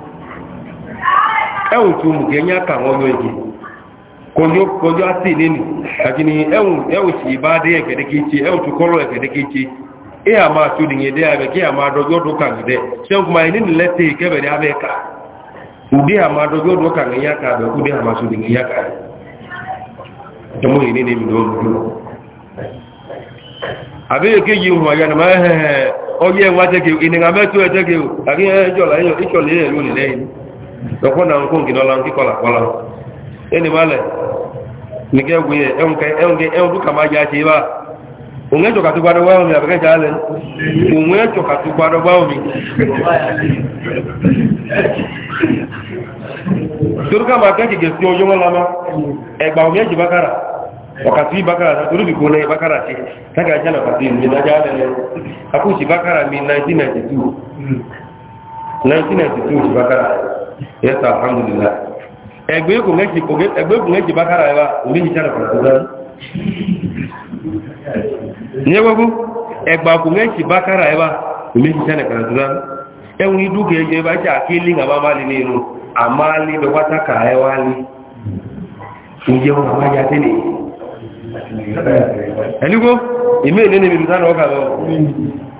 ẹ̀hùn tó mù kẹ́yìn àkà àwọn ọmọ ẹ̀jẹ̀ kọjọ́ kọjọ́ àti nínú àti ní ẹ̀hùn ẹ̀hùn sì bá dé ẹ̀kẹ́dẹ́kẹ́tì ẹ̀hùn tó kọ́rọ̀ ẹ̀kẹ́dẹ́kẹ́tì ẹ̀ à máa tó nìyẹn dẹ́ abẹ́ kí à máa dọ́jọ́ dún kàmì dẹ́ sẹ́kùn máa nínú lẹ́tẹ̀ kẹ́bẹ̀rẹ́ abẹ́ ká òde à máa dọ́jọ́ dún kàmì yá ká abẹ́ kúdé à máa tó nìyẹn yá ká ẹ̀mú yìí nínú ìlú ọdún àbẹ́yẹ̀kẹ́ yìí hùwà yànnàmá ẹ̀hẹ̀ẹ̀ ọyẹ́ wájẹ́kẹ́ ìnìyàn mẹ́tọ́ lọ́kọ́ náà kó nkì lọ́la nkí kọ́là kọ́là ẹni bá lẹ̀ nìkẹ́ wù yẹ ẹ̀hún kẹ́ ẹ̀hún kẹ́ ẹ̀hún dúkà máa jẹ́ àti ibà òun ẹ̀jọ̀ kàtó gbadọ̀ bá omi àbẹ́kẹ́ jà òun ẹ̀jọ̀ kàtó gbadọ̀ omi. sí ọjọ́ omi bákàrà ọ̀kàtí bákàrà bákàrà mi 1992 1992 bákàrà yẹta alhamdulillah ẹgbẹ́ kò mẹ́jì bá kára ẹwà oríjì sára fàtàkùnrin ní ẹgbẹ́gbẹ́ ẹgbà kò mẹ́jì bá kára ẹwà oríjì sára fàtàkùnrin ẹwùn idúkẹ ẹgbẹ́ bá jẹ́ àkílì àmáàlì ní inú àmáàlì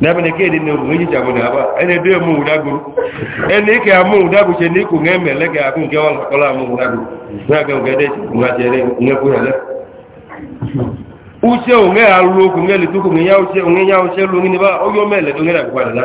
n'abịa ka ịdị n'obodo eji jagbo na aba ẹni edo emu ụdagbo ẹni ike amụ ụdagbo che ne nwa emele ga agụ nke nwa nkọla amụ ụdagbo na nke ya uche onwe ha lụ okwu nwa elitukwu nwa ya uche onwe ya uche lụ nwa n'ebe onye omele dị na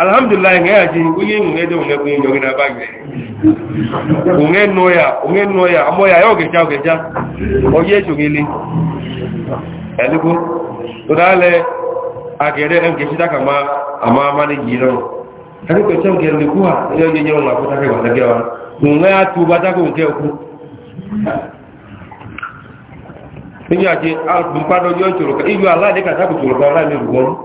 alhamdulillah nga ya nwunye kuyi nge de nge na yogina bagre nge noya nge noya amoya yo Amụ ya ke ogecha. o ye chugili eligo udale agere en ke shita ma ama mani giro kani ko chao gere kuwa yo ye yo akwụkwọ kota iju ala de kata ku churuka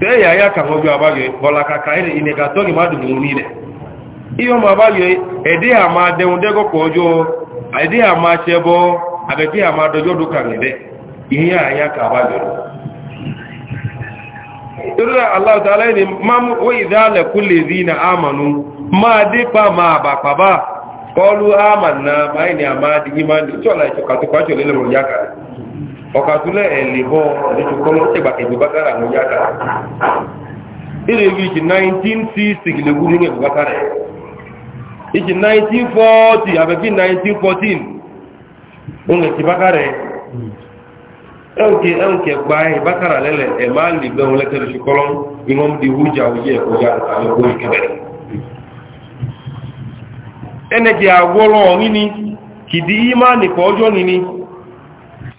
tee ya ya ka obi agbaghị bọlaka ka anyị ine ga atọ gị mmadụ mụrụ niile ihe ụmụ agbaghị edịghị ama denwudego ka ọjọọ edịghị ama chebọ abedịghị ama dojọ dụka ihe ya ya ka allah ta'ala ma ma ma ọ̀kàtúlẹ̀ ẹ̀lẹ́bọ̀ ẹ̀lẹ́tukọ́lọ́ ẹgbàkẹ̀gbẹ̀ bákàrà ló yára ilẹ̀ ìlú ìjì 1960 lè gúrú ní ẹ̀gbẹ̀ bákàrà ìjì 1940 àbẹ̀bí 1914 ohun ẹ̀kì bákàrà ẹ̀ǹkẹ̀ ẹ̀ǹkẹ̀ gba ẹ̀ bákàrà lẹ́lẹ̀ ẹ̀ máa lè gbẹ̀rún lẹ́tẹ̀lẹ́tukọ́lọ́ ìwọ́n di wújà òye ẹ̀kọ́ yára àwọn ẹ̀kọ́ ìkẹbẹ̀rẹ̀ ẹnẹ̀kì àwọ́lọ́ nínú kìdí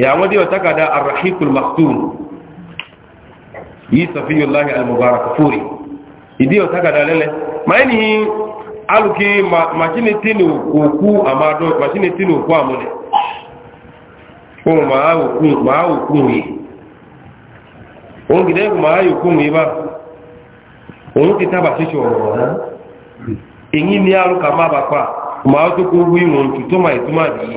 ìyàwó dí ọ̀tákàdá arahikul maktum yìí sàfihànláhì al-mubarak fúri ìdí ọ̀tákàdá lẹ́lẹ́ máa ní alùkí màṣínì tínú òkú àmàdọ́ màṣínì tínú òkú àmúlẹ̀ ohun máa òkú rí ohun kìdẹ́ máa òkú rí bá ohun ti tábà ṣíṣọ ọ̀rọ̀ ọ̀rọ̀ èyí ni alùkà má bàpá máa tó kó wí tó máa ìtumá yìí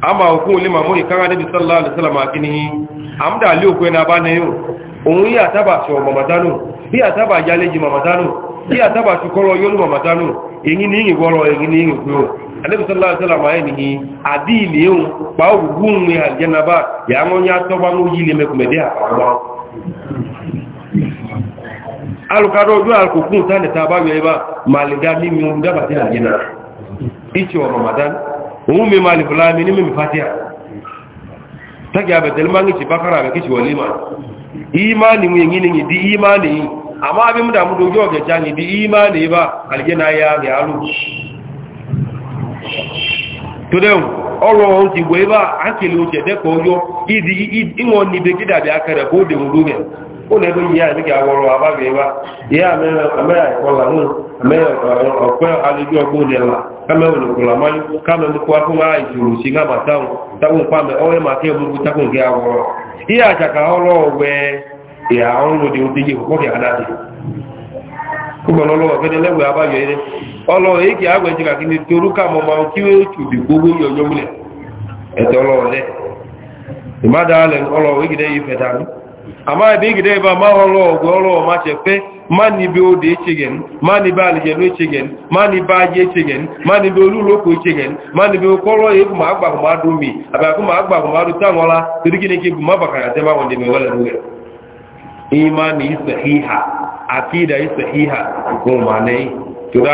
ama hukun lima mo ikan anabi sallallahu alaihi wasallam akinihi amda ali oku na ba na yo ohun ya taba so mamadanu bi ataba jaleji mamadanu bi ataba su koro yo lu mamadanu eyin ni yin goro eyin ni yin ko anabi sallallahu alaihi wasallam ayinihi adili o pa ogun ni aljanna ba ya ngonya nya to ba mo yile me kumede awa alukado du alkukun tane taba yo ba maliga mi mi ngaba ti aljanna ichi o mamadanu òun mi máa lè fọ́lá mi ní mímí fatia tàkì àbẹ̀tẹ̀lẹ́ máa ń kìí bákàrà àgbẹ̀ kìí wọlé máa ìmáàlì mú èyí nìyí di ìmáàlì yìí àmọ́ abẹ́ mú dàmú dojú ọ̀gẹ̀já ní di ìmáàlì bá àlìjẹ́ náà yá rẹ̀ alú tó dẹ̀hùn ọrọ̀ ohun ti wọ́ ibá dị oúnjẹ dẹ́kọ̀ọ́ yọ ìwọ̀n níbi gídàbí akẹrẹ̀ bóde òun lórí ó na ló yẹ àbíkẹ́ àwọ̀rọ̀ àbábẹ̀ẹ́wá yẹ àmẹ́rẹ̀ ẹ̀kọ́lá mú àmẹ́rẹ̀ ọ̀pẹ́ ọkpọ ọgbọ́n lẹ́la kámẹ́wọ̀n òkúlà máyú kámẹ́mú kó akúnwá ìṣòro sí gábà táwọn táwọn pàmẹ́ ọwẹ́ máa kẹ́ ọmọ tákùn kẹ́ ka yẹ àjàkà ọlọ́ọ̀wẹ́ ìhà ọ̀run lòdì ó déyé kókó kẹ́ àdáde kúgbọ̀n ọlọ́wọ́ fẹ́ni lẹ́wẹ̀ abáyọ eré ọlọ́wọ́ ọrụ kì í àgbẹ̀ jìkà kí ni gbogbo ọrụ Ọrụ ama ebe igide ebe ama ọlọ ọgụ ọlọ ọma chefe ma ni be ode echegen ma ni be alijenu echegen ma ni be aji echegen ma ni be oluloko echegen ma ni be okpọrọ ya ekwuma agbagụmadụ mi abakwuma agbagụmadụ tanwụla torí gịnị ka ebuma bakara tema wọn deme wala ruwe ima na isa iha akida isa iha ko ma ne to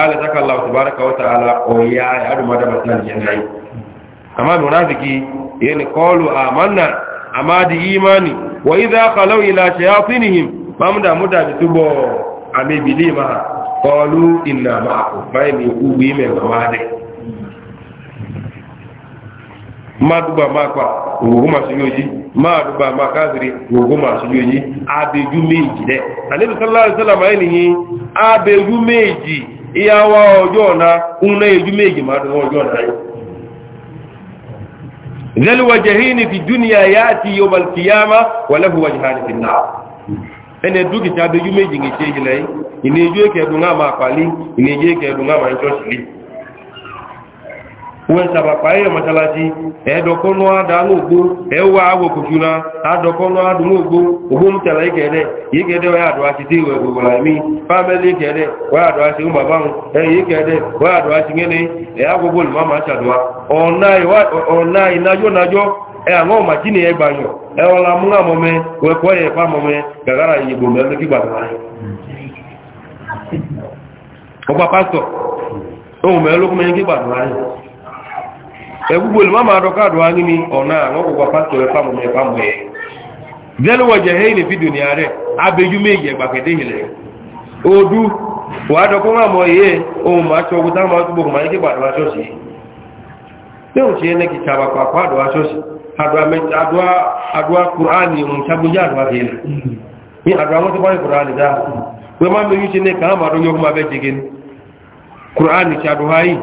amma da imani wa idha khalaw ila shayatinihim famda muda bitubo ame bilima qalu inna ma'akum fa mi ubi me gamade maduba makwa uguma sujoji maduba makaziri uguma sujoji abeju meji de anabi sallallahu alaihi wasallam ayini abeju meji iyawa ojo na una eju meji maduba ojo na yo ذل وجهين في الدنيا ياتي يوم القيامه وله وجهان في النار ene duki tabe yumeji ngi cheji lai ineje ke dunga ma pali ineje ke dunga ma nchoshili wọ́n sàbàpá ẹ̀yẹ̀ mọ́sálásí ẹ̀ẹ́dọ̀kọ́nú àdánù ògbó ẹ̀wà àwòkùsùnà àdọ̀kọ́nú àdùnú ògbó ògbó ń tẹ̀lé ìkẹ̀ẹ́dẹ̀ yíkẹ̀ẹ́dẹ̀ wọ́n àdọ̀ àṣìṣe ìwẹ̀ gbogbo àmì fámẹ́lì ìkẹ̀ẹ́dẹ̀ wọ́n àdọ̀ àṣìṣe ń bàbá ìkẹ̀ẹ́dẹ̀ wọ́n gbogbo egbugbo ma ma ka kaadụ anyị ni ọna ọgwụgwa pastọrọ pamụ na pamụ ya zelu wọ jehe ni fidu ni are abeju meji egbakede hile odu wa adọ kọ nwa mọ ihe ohun ma chọ ogwuta ma ọtụgbọ ma ike gbadọ asọsi tẹun ṣe ẹnẹ kìí ṣàbàpà kọ àdọ asọsi àdọ kùránì ma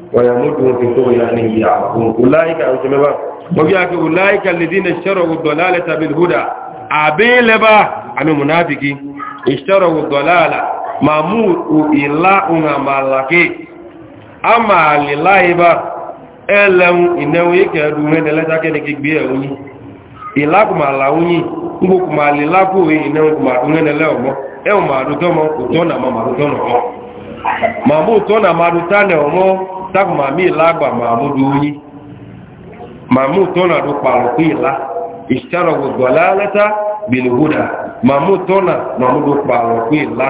ويمدهم في طغيانهم يعمهون اولئك او شباب وبياك اولئك الذين اشتروا الضلاله بالهدى ابيلبا امي منافقي اشتروا الضلاله مامور الى ان مالكي اما للايبا الم انه يكدو من لا تكنك بيه وني ilakuma launyi ngokuma lilaku ina ngokuma ngene leo mo e o maru tomo utona mama utona mo mamu utona maru tane omo tagu mami la gba mamu duyi na du palo ki la ishtara gu dalalata bil huda mamu to na mamu du palo ki la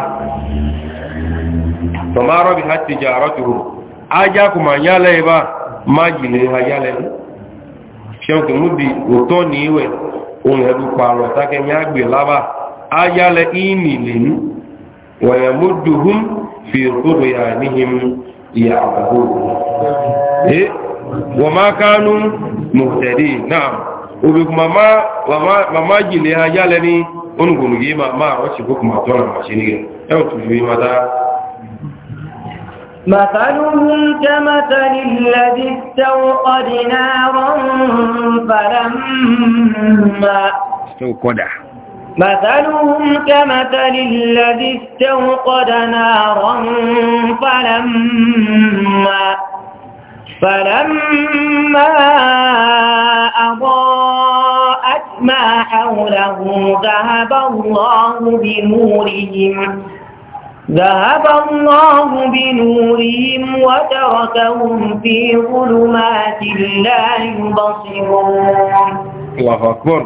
bi ha yale shewu ke mudi oto ni iwe ohun edu palo take يعبدون إيه وما كانوا مهتدين نعم وبكما ما وما ما جلي هيا لني ongun yi ma ma wace ko kuma tona mace ne yau tuju ma da مثلهم كمثل الذي استوقد نارا فلما استوقدها مثلهم كمثل الذي استوقد نارا فلما فلما أضاءت ما حوله ذهب الله بنورهم ذهب الله بنورهم وتركهم في ظلمات لا يبصرون الله أكبر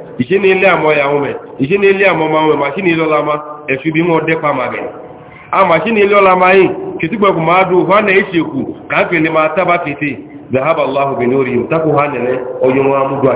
ìṣe ni ilé àmọ́ ìyàwó mẹ́ ìṣe ni ilé àmọ́ mẹ́ màṣí ní ilọ́la ma ẹ̀ṣù bí wọ́n dẹ́pa ma a màṣí ní ilọ́la ma yìí kìtùgbẹ̀kù máa dùn wọ́n náà ìṣèkù káàkiri máa tábà tètè zahaba allahu bin ori tako ha nẹ̀lẹ́ ọyọ wọn amúdù wa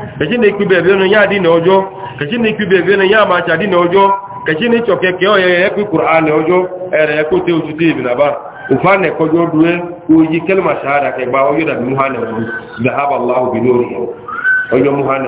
kẹ̀kí ní ikú bẹ̀rẹ̀ ní yáà dínà ọjọ́ kẹ̀kí ní ikú bẹ̀rẹ̀ ní yáà máa ṣàdínà ọjọ́ kẹ̀kí ní ìṣọ̀kẹ̀kẹ́ ọ̀yẹ̀ ẹ̀kú kùránì ọjọ́ ẹ̀rẹ̀ ẹ̀kú tẹ́ oṣù tí ìbìnàbá ufane kojo duwe uji kelma shahada ke ba oyo da muhane wudu dhahaba allah bi nuri oyo muhane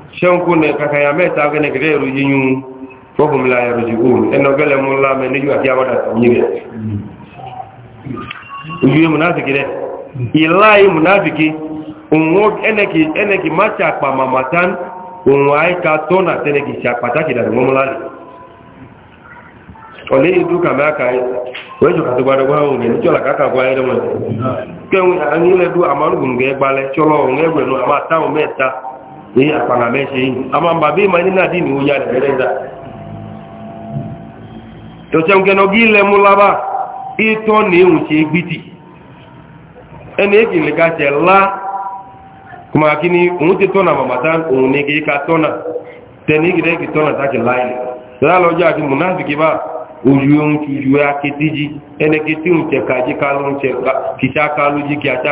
sẹ́ńkú ní kàkàyà mẹ́ta gẹ́nà gẹ́gẹ́ ẹ̀rù yíyú fọ́fùmílà ẹ̀rù jù kúrò ẹ̀nà ọgẹ́lẹ̀ mú ńlá mẹ́ níjú àti àwọ́dà yìí rẹ̀ ojú yẹ múnáfìkì rẹ̀ ìlà yìí múnáfìkì ẹnẹ̀kì má ṣàpà màmátán òun àìka tọ́nà tẹ́nẹ̀kì ṣàpàtàkì èyí àpàlà a máa se bà a ìmọ̀ nínú àdínì òyà ị lẹ́dà tọ̀tẹ̀mkẹnọ̀gí ilẹ̀ mú ka ni òun ti tọ́nà màmàtà òun ní kí ká tọ́nà tẹ̀ní ìgbìdẹ́ ya tọ́nà sákì ji ka ka ẹ akétíjì ẹni kétí òun tẹ̀ka jí kálóhun tẹ̀ka kìṣà kálójì kì àṣà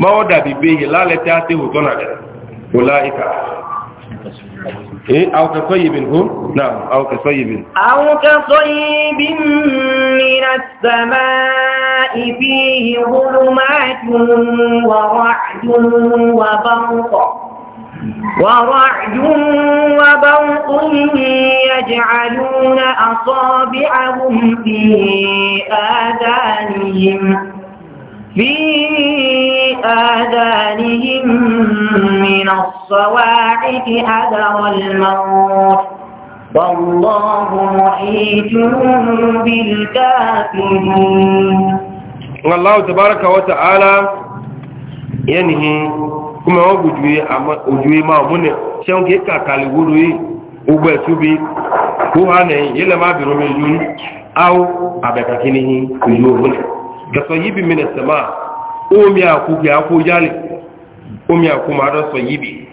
ma ọ dàbí bèèyè lálẹ́ tí a tẹ́ hù tọ́nà rẹ̀ kò láìka أو كصيب هو نعم أو كصيب أو كصيب من السماء فيه ظلمات ورعد وبرق ورعد وبرق يجعلون أصابعهم في آذانهم في آذانهم من الصواعق أدر الموت والله محيط بالكافرين الله تبارك وتعالى ينهي kuma wọn gbùjúwé ojúwé máa múnẹ̀ ṣeun kí kàkàlì wúrú yìí ogbó ẹ̀túbí kó hàn ẹ̀yìn yílẹ̀ má bìrún mi lórí áwọ́ àbẹ̀kàkí ní ìlú òmúnẹ̀ gasɔ yibi mine sama omi aku ke aku jali omi aku ma dɔ sɔ yibi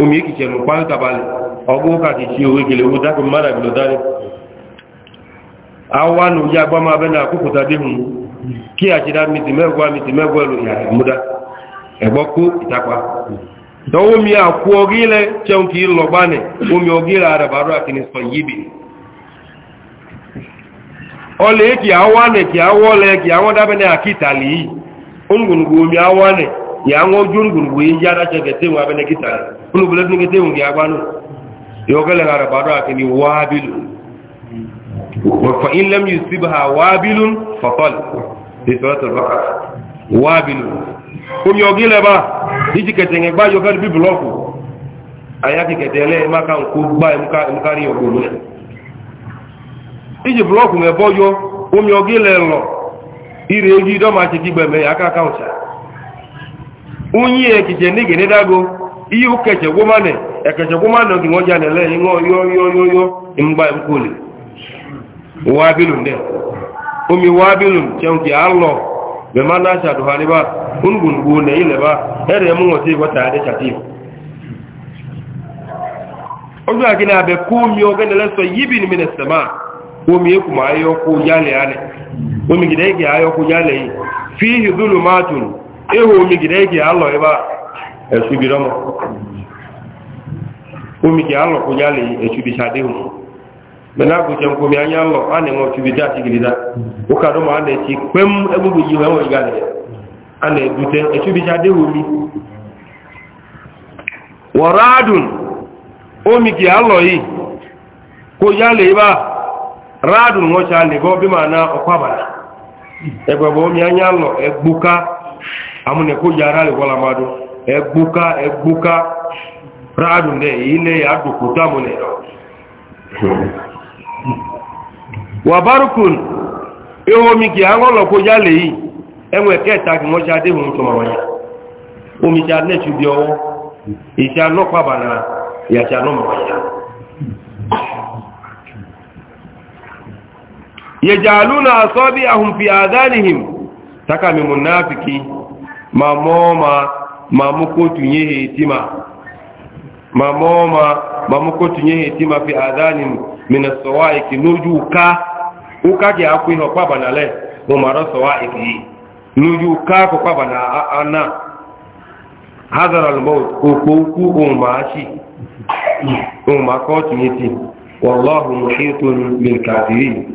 omi ekitsɛ nu kpa kabali ɔgbɔ ka ti tsi owe gele wo dako mana bilo dani awa nu ya gbama bena akukuta de mu kí atsida miti mɛgua miti mɛgua lo ya mu da ɛgbɔ ko itakpa dɔwɔ mi e aku ɔgi lɛ tsɛn k'i lɔgba nɛ omi ɔgi lɛ araba do akini sɔ yibi. ọlẹ́ kì àwọn kì àwọn ọlẹ́ kì àwọn dábẹ́ni àkítàlì yìí onígbòǹgbò omi àwọn nẹ̀ kì àwọn ojú onígbòǹgbò yìí yá dáṣẹ́ kẹtẹ́wọ̀n abẹ́ni kítàlì onígbòǹgbò lẹ́tún kẹtẹ́wọ̀n kì agbánú yọkẹ́lẹ̀ àrẹ̀bàdọ́ àkíní wábìlù فإن لم يصبها وابل فطل maka iji blọkụ na ebe ọjọọ omi ọgị lelọ ire ego idomachi gị gbeme ya aka aka ụcha unyi ekiche ndị ga enedago ihe ukeche gwomane ekeche gwomane gị nwoja na ele ịṅụ yoyoyoyo mgba nkwuli wabilun ne omi wabilun chenki alọ bema na acha duhari ba ungungu ne ile ba ere mu ngote na ade chati ojú àkínní abẹ kú mi ọgẹ́nẹ̀lẹ́sọ yìí bí maa. omi eku ma ayo ku yale ale omi gida ege ayo ku yale yi fihi zulumatun ehu omi gida eke alo eba esu bi romo omi ge alo ku yale yi esu bi sade hu mena ku jem ku mi anya alo ane ngo tu bi da ti gida o ka do ma ane ti pem ebubu yi wo igale ane dute esu bi sade hu mi waradun omi ge alo yi ko yale ba radun ngocha ni go bi mana okwabara egbe bo mi anya lo egbuka amune ko jara le wala madu egbuka egbuka radun de ile ya dukuta mune do wa barkun iho mi ki ango lo ko jale yi enwe keta ki ngocha de hun tomo wanya omi ja ne chu bi owo isa no kwabara ya ja no mo wanya yajaluna asabi'ahum fi adhanihim taka mi munafiki mamoma mamukotu nye hetima mamoma mamukotu nye hetima fi adhanihim min as-sawa'iq nuju ka uka je akwiho kwa banale umara sawa'iq nuju ka ko kwa bana ana hadara al-maut ukuku umashi umakotu yeti wallahu muhitun bil kafirin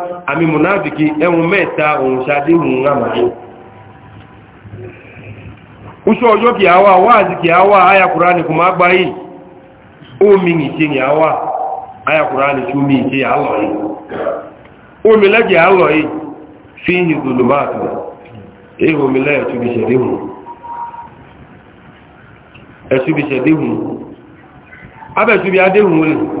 àmì mùnáfìkì ẹ̀hún mẹ́ta òun ṣàdéhùn àmàlẹ́ oṣù ọjọ́ kì á wà wáàzì kì á wà ayakùrá ní kò gbá yìí omi ìṣe ni á wà ayakùrá ní tí omi ìṣe àlọ́ yìí omi àlọ́ yìí fi ń hìdùnú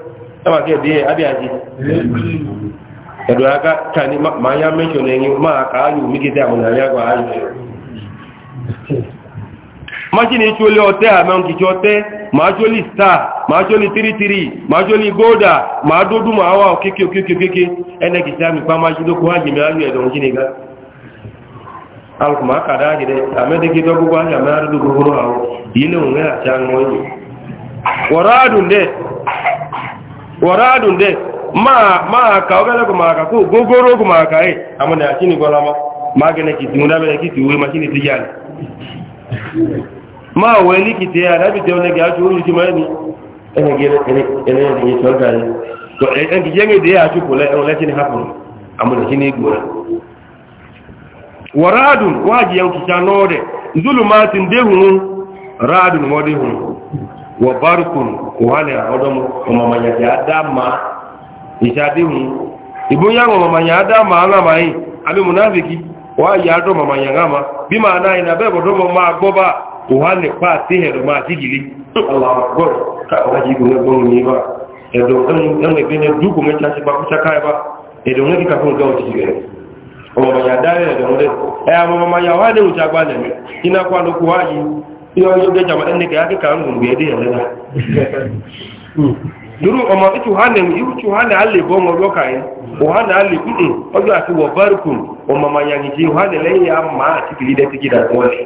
ẹwà kí ẹbí abí àjí ẹ̀dọ̀ aga ká ní máa yá mẹ́ṣọ̀ lẹ́yìn máa kàá yóò mí kété àmì àrí àgbà ayò rẹ̀ má jí ní ṣólé kìí ọtẹ́ máa ṣólì star máa ṣólì tírítírí máa ṣólì góòdà máa dódú máa wà kéèké kéèké kéèké ẹnẹ kìí sí àmì pàmà ṣídókò ájìmí ayò ẹ̀dọ̀ òjì nìga alùpùpù àkàdá àjẹdẹ àmẹ́dẹ́gẹ́dọ́ gbogbo àjàmẹ́ àrídógbogbo àwọn ìyílẹ̀ òun rẹ̀ àti àwọn ọ̀yọ́ wọ̀rọ̀ àdùn waradun de ma ma ka ogale ko ma ka ko gogoro ko ma ka e amone akini gola ma ma gene ki timuna be ki tuwe ma kini tijani ma weli ki te ara bi te one ga ju ru ti ma ni ene gele ene ene ni to ga ni to en e, ki jenge de a ju ko le e, o le kini hapo amone kini gora waradun waji yanki chanode zulumatin dehun radun modehun wa barikun kuhani ọdọmu ọmọmọnya ti adama ìṣàdéhùn ìbúnyàwó ọmọmọnya adama aláma yìí àbí munafiki wà á yà ádọ́ ọmọmọnya ńláma bí màá náà yìí nàbẹ́ ìbọ̀dọ́ mọ́ máa gbọ́ bá kuhani pa àti ẹ̀rọ máa ti gìlì ọlọ́gbọ́n káwọn ajé ìgbìmọ̀ gbọ́n ní ibà ẹ̀dọ̀ ẹ̀rọ ìgbìmọ̀ dúkù mẹ́ta ti bá kúṣá káyà bá ẹ̀dọ̀ ní kíkà fún ìgbàwọ̀ títì rẹ̀ ọmọmọnya dáre ẹ̀dọ̀ rẹ̀ ẹ̀ àwọn wà ní ìwòsàn agbálẹ̀ mi kí yóò yóò gbé jama ẹni kẹ́yà kíkà ń gùn gbẹ̀ẹ́dẹ́ yẹn lẹ́la duru ọmọ ìtù hànẹ̀ ìwú tù hànẹ̀ alẹ́ bọ́ ọmọ lọ́kà yẹn ò hànẹ̀ alẹ́ kúndùn ọjọ́ àti wọ̀ bárùkùn ọmọ mayanìjì ò hànẹ̀ lẹ́yìn àmà àti kìlí dẹ́ tìjì dàgbọ́ ọ̀lẹ̀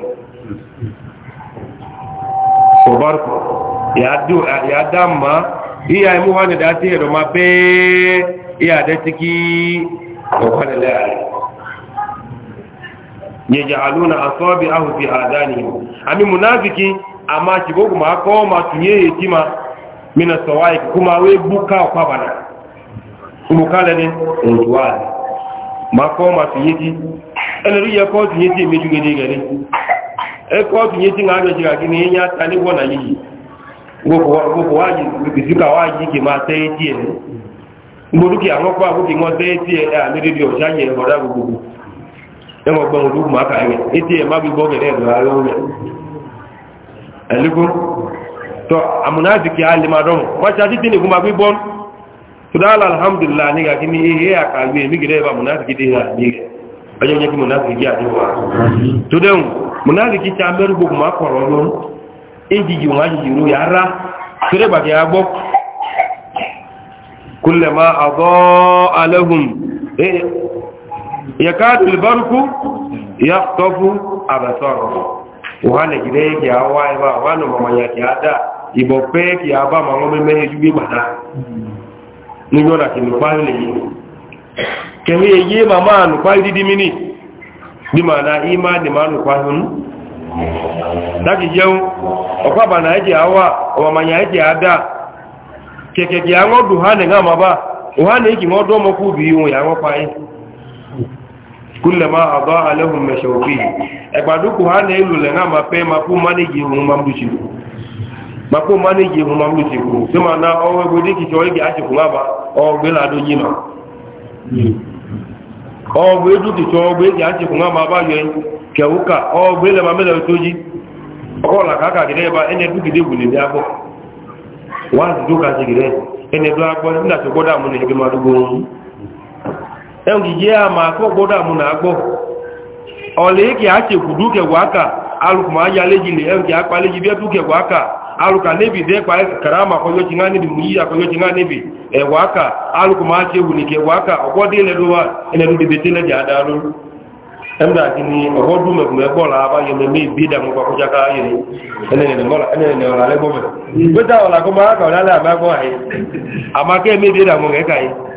wọ̀ bárùkùn yà dá mà ìyá ẹ̀mú hànẹ̀ dá sí ẹ̀rọ ma bẹ́ẹ̀ ìyá dẹ́ tìjì ò hànẹ̀ lẹ́yìn yẹjàlúnà asọ́bí ahùfí àdáníhù àmì munafiki a máa ṣe gbogbo ma kọ́ ma tún ètí ma mina sọ̀wá ikú kó máa wé búká ọ̀pá bàdà ìmúkálẹ̀ ní òǹtùwà rẹ̀ ma kọ́ ma tún yé tí ẹlẹ́rí yẹ kọ́ tún yé tí èmi jùgede gẹ̀rẹ́ ẹ kọ́ tún yé tí ń àjọ jìgà kí ni yẹn yá ta ní wọ́nà gbogbo wáyé bìsíkà wáyé kì máa wọn kọ́ àgbókè wọn àmì rédíò ṣáyẹ̀ ọ̀dà gbogbo ẹmọ gbọ́n olú ma a ẹgbẹ̀ etí ẹ̀ má bí gbọ́gẹ̀rẹ́ ẹ̀dọ̀ ara ọ̀rẹ́ ẹ̀lẹ́gbó tọ́ àmúnáàzìkì ma gbígbọ́n tó dáàlà ní kàkí ní ihe àkàgbé mígìrẹ́ ẹ̀bà múnáàzìkì dé ìhà ní rẹ̀ ọjọ́ yẹ kí múnáàzìkì jẹ́ àdúgbò tó dẹ́hùn múnáàzìkì ti yakadu albarku yaqtafu abasarahu wane gire ki awa eba wano mama ya ki ada ibo pe aba ma ngome me mana ni yona ki nupale yi kemi ye mama nupale di dimini di mana ima di manu kwa hun daki jeu okwa bana eji awa o mama ada keke ki ango duhane ngama ba uhane iki ngodo mo ku ya ngopa yi kullama adaa lahum mashawqih egbaduku ha na elule na mape mapu manage hu ma mapu manage hu mamduchi ku sema na ma godi ki joye ki achi kungaba ogbe la do yima ogbe du ti to ogbe ki achi kungaba ba ye kewuka ogbe agbo ndị ẹ̀hùn yẹ́ a máa kọ́ gbọ́dọ̀ mú náà gbọ́ ọ̀lẹ́ kí a ṣe kùdú kẹwàá kà alùkùnmọ̀ ayé alẹ́jìlẹ̀ ẹ̀hùn kí a pa alẹ́jì bí ẹ̀dú kẹwàá kà alùkà níbi dẹ́pa kàráàmà kọjọ́ ti ńlá níbi mú yíyà kọjọ́ ti ńlá níbi ẹ̀wàá kà alùkùnmọ̀ ayé wù ní kẹwàá kà ọgọ́dé lẹ́lọ́wà ẹ̀nẹ́dú dèdè tẹ́lẹ̀ dì àdá lórí ẹ̀mdà kì ní ọgọ́dún mẹ̀kùnmẹ́ bọ́ọ̀lá abáyọmẹ mé ìbí dàmú pàkójá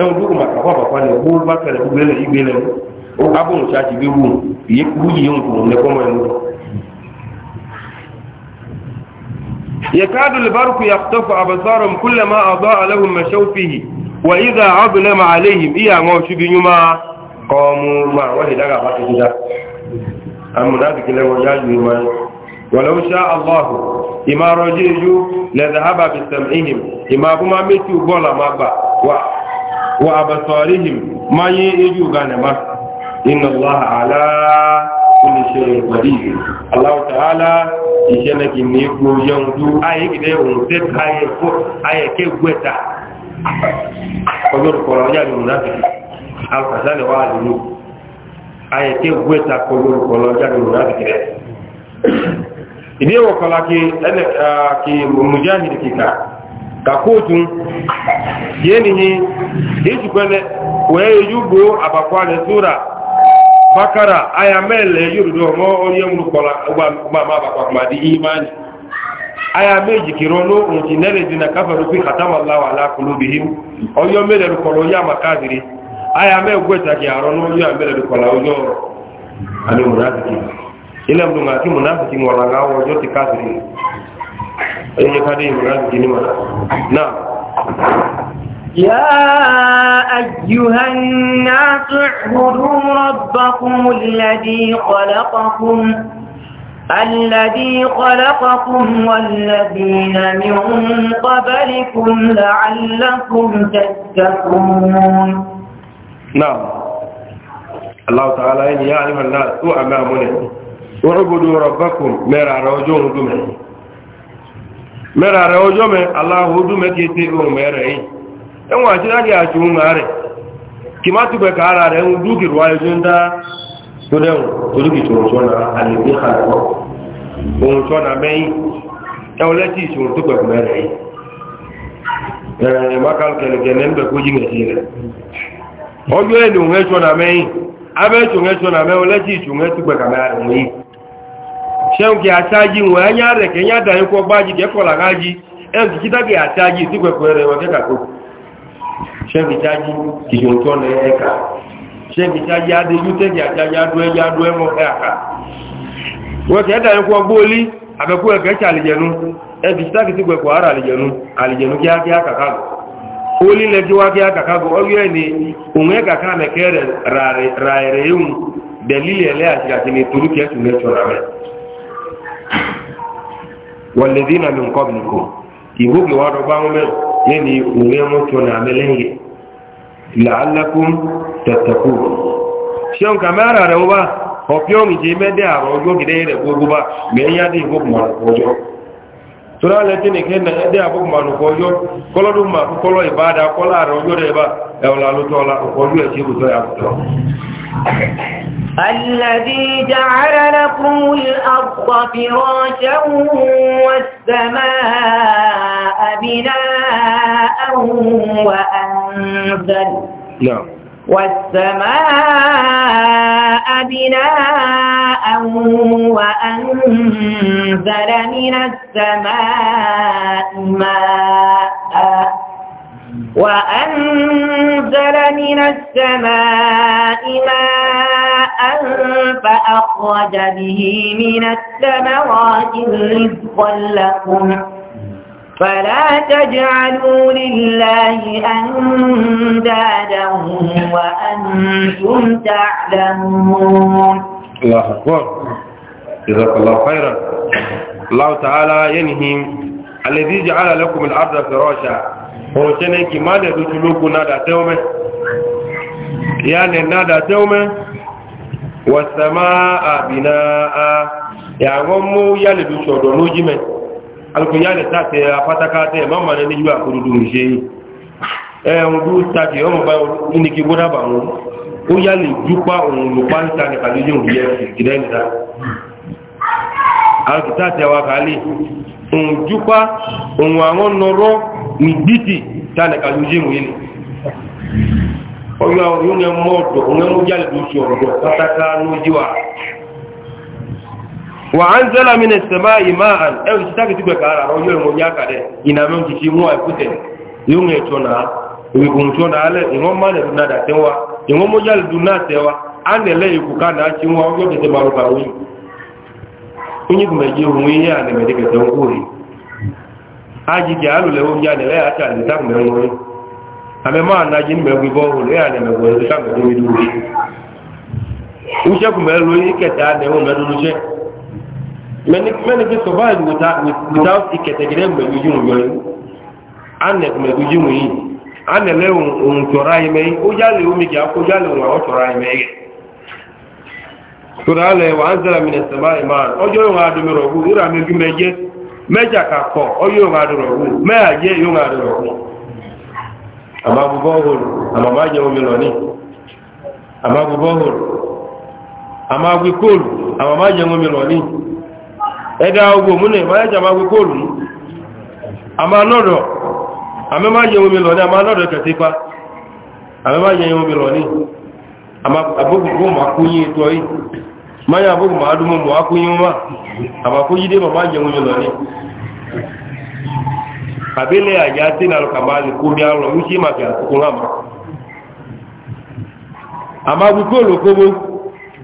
ẹ̀hún dúkù màkà wà pàpà ní ọgbó bá kẹrẹ gbogbo ẹlẹ igbe lẹ ó abóhùn ṣáàtì bí wù yé kú yìí ń kùn lẹkọ mọ ẹnu. يكاد البرق يخطف أبصارهم كلما أضاء لهم مشوا فيه وإذا أظلم عليهم إيا موشي بنيما قاموا ما وهي لغا باتي كده المنافق لو يجوا ما ولو شاء الله إما رجيجوا لذهب بسمعهم إما بما ميتوا بولا ما با وأبصارهم ما يجوا غنما إن الله على كل شيء قدير الله تعالى يشنك نيكو يوم أي كده ونزد أي كو أي كوتا kọjọ́rù kọ̀rọ̀ ọjà ní mùnáfíkì alùpàṣálẹ̀ wà lónìí ayẹ̀kẹ́ gbẹ́ta kọjọ́rù kọ̀rọ̀ ọjà ní mùnáfíkì rẹ̀ ìdí ẹ̀wọ̀ kọlá kí mùjáhìdì kíkà kakóòtún yénìyí ìtùpẹ́lẹ̀ wẹ́ẹ́ yúgbó àbàkwálẹ̀ abakwa bákàrà ayamẹ́lẹ̀ yóòdó ọmọ oríyẹ́mùn pọ̀lá gbàmà àbàkwàkùmàdì ìmáàni ayaméjì kìrọ ló ohun ti nẹ́lẹ̀ dínà káfàrú pé kàtàmàláwà alákùnlú bí i ọyọ́ mẹ́lẹ̀ kọlọ yá màkàdìrí ayamẹ́gbẹ́ ìtàkì àrọ lọ́yọ́ mẹ́lẹ̀ kọlọ ọjọ́ ọ̀rọ̀ àmì mùnáfìkì ilẹ̀ mùnáfìkì mùnáfìkì wọ̀nà àwọn ọjọ́ ti káfìrí أي كادي مراد نعم يا أيها الناس اعبدوا ربكم الذي خلقكم الذي خلقكم والذين من قبلكم لعلكم تتقون نعم الله تعالى يا أيها الناس اعبدوا ربكم مرع رجوع دمه mẹ́ra rẹ̀ ọjọ́ mẹ́ aláhùdú mẹ́kẹ́tẹ́ ohun mẹ́rẹ̀ yìí ẹwọ̀n àti láti àti ohun rẹ̀ kì má túbẹ̀ ká ara rẹ̀ ń dúkìrù ayọjú ń dá tó dẹ̀wọ̀n olùkìtì ohun sọ́nà àlèkún àlọ́ ohun sọ́nà mẹ́yìn ẹwọ̀n lẹ́tí ìṣòro ṣẹ́ǹkì àtàjì wọ́n ẹ̀yà rẹ̀ kẹ́yà dáyẹ́kọ́ gbájì kẹ́kọ́ làgájì ẹ̀ǹkì títàkì àtàjì tí pẹ̀pẹ̀ rẹ̀ wọ́n kẹ́kà kó ṣẹ́ǹkì tájì kìjọ tó lẹ ẹ̀ka ṣẹ́ǹkì tájì adéjú tẹ́jì àtàjì adó ẹ̀yà adó ẹ̀mọ́ ẹ̀ka wọ́n kẹ́ dáyẹ́kọ́ gbóòlì àbẹ̀kú ẹ̀kẹ́ ṣe àlìjẹnu ẹ̀ǹkì títàkì tí pẹ̀pẹ̀ ara àlìjẹnu àlìjẹnu kíákíá kàkàgò oli le ti wake aka kago oye ni unweka kame kere raere ra, ra, ra, والذين من قبلكم يقول واربعهم يعني أمامك ونعملين لعلكم تتقون شون كمارا روبا ọ̀pẹ́ òmìnjẹ́ mẹ́dẹ́ àrọ̀ ọjọ́ gidẹ́ rẹ̀ gbogbo bá mẹ́yìn yá dé ìgbókùnmọ̀ ọjọ́ tora alẹ́ tí nìkẹ́ na ẹdẹ́ àbúkùnmọ̀nù kọ yọ kọlọ́dún ma kọlọ́ ìbáadà kọlọ́ àrẹ ọjọ́ rẹ̀ bá ẹ̀wọ̀n alótọ́ ọlá ọjọ́ ẹ̀ṣẹ́ ìbùsọ́ ìyàtọ̀ الذي جعل لكم الأرض فراشا والسماء بناء وأنزل نعم والسماء بناء وأنزل من السماء ماء وأنزل من السماء ماء فأخرج به من الثمرات رزقا لكم فلا تجعلوا لله أندادا وأنتم تعلمون الله أكبر جزاك الله خيرا الله تعالى ينهيم الذي جعل لكم الأرض فراشا هو شنك ما لدتلوك نادى تومه يعني نادى تومه والسماء بناء يعني ومو يلدو شدوا نجمه alùpùyáni tàtẹ apátákátẹ mọ́mà ní yíwa kúrúdú ṣe ẹ̀hùn tó tàbí ọmọ bá ní kí gbọ́dá bà wọn ó yá lè dúpá òun lùpá níta ní kàlíjì òun yẹ ìdílé níta alùpùtà tẹwà kálí òun dúpá òun àwọn nọrọ ní وأنزل من السماء ماء أو تشتاك e كارا رجل مجاكا ده إنا من تشي موا يكتن يوم يتونا ويكون تونا على إمام ما ندنا kunyi kuma ya ne mai daga don kore aji ki alu le ohun ya ne lẹ́yà àti àti sáàmù ẹ̀wọ̀n na jí nígbà gbígbọ́ ohun lẹ́yà ne mẹ́gbọ́n rẹ̀ sáàmù ẹ̀wọ̀n many many people survive without without iketegere mgbeguji nwunye yi ane yi ane le ohun chọrọ anyị mee le ohun ahụ chọrọ anyị mee ala ewa anzara mine sema iman ọjọ ohun adụmịrị ọgwụ ira megi meje meja ka kọ ọjọ ohun adụrụ ọgwụ meghaje ẹ̀dá ogun múnẹ̀ máa jàmà gbé kóòlù mú àmàlọ́dọ̀ àmẹ́má yẹ omi lọ ní àmàlọ́dọ̀ kẹtí pa àmẹ́má yẹ omi lọ ní àbúgbùgbù ma kúnyí ètò ọ̀yí máyà àbúgbù ma dúnmọ́ mọ́ akúnyí wá àmàkúnyídé ma yẹ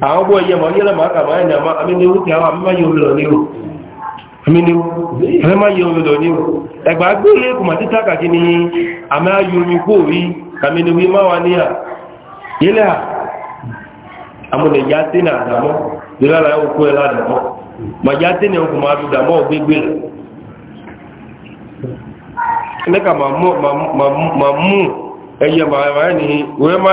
àwọn ọgbọ́ ẹyẹ ma yẹ́lẹ̀ máa kàmà ẹ̀nà amínirú tí àwọn amímáyé omìlọ̀ ní o amínirú ẹmẹ́máyé omìlọ̀ ní o ẹgbà gbé ilé kùmà títà kàkí ni àmáyé omi kó rí kàmínirú máa wà níyà yẹ́lẹ̀ àmúnẹ̀ yá sí ní àdàmọ́ ìlànà òkú ẹ̀ ládàmọ́ mà yá sí ní ọkùnmá àdùdàmọ́ ògbégbé rẹ̀ ẹnẹ́ka mà mú ẹyẹ mà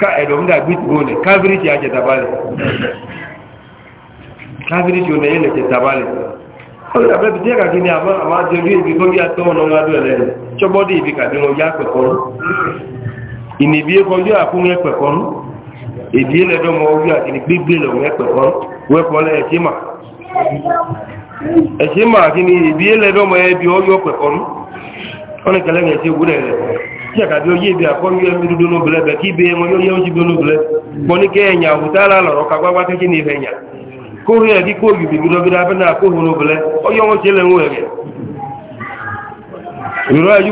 Ka ẹ̀dọ̀ ń dà gbítgbó nẹ̀ káfíríkì àjẹtàbálẹ̀ káfíríkì ò nẹ̀yẹ́ lẹ̀jẹtàbálẹ̀ ọ̀rẹ́bẹ̀bẹ̀ tí ẹ̀kàkí ni àmá jẹjú ibi tó yá tọ́ ọ̀nà ọ̀nà ẹ̀lẹ́ ṣọ́bọ́dé ibi kàbí wọn yá pẹ̀kọ́nú ìnìbí ẹkọjú àkún ẹpẹ̀kọ́nú èdè ẹlẹ́dọ́mọ orí àkìní gbígbé lọ́wọ́ ẹpẹ̀kọ́nú wẹ́kọ́lẹ́ ẹ̀ṣímà ẹ̀ṣímà àkìní ìbí chakabi oye bi akɔ yɔ mi dodo n'obìlɛ bɛ k'i be yen ibi yɔ yɛ ŋutsi bi n'obìlɛ kpɔni kɛ nya awuta la lɔrɔ kagba gba kɛkɛ n'ife nya ko yɛ bi ko yubi bi dɔbi la bɛ na ko ho n'obìlɛ ɔyɔ ŋutsi lɛ ŋu yɛ yɔrɔ yɛ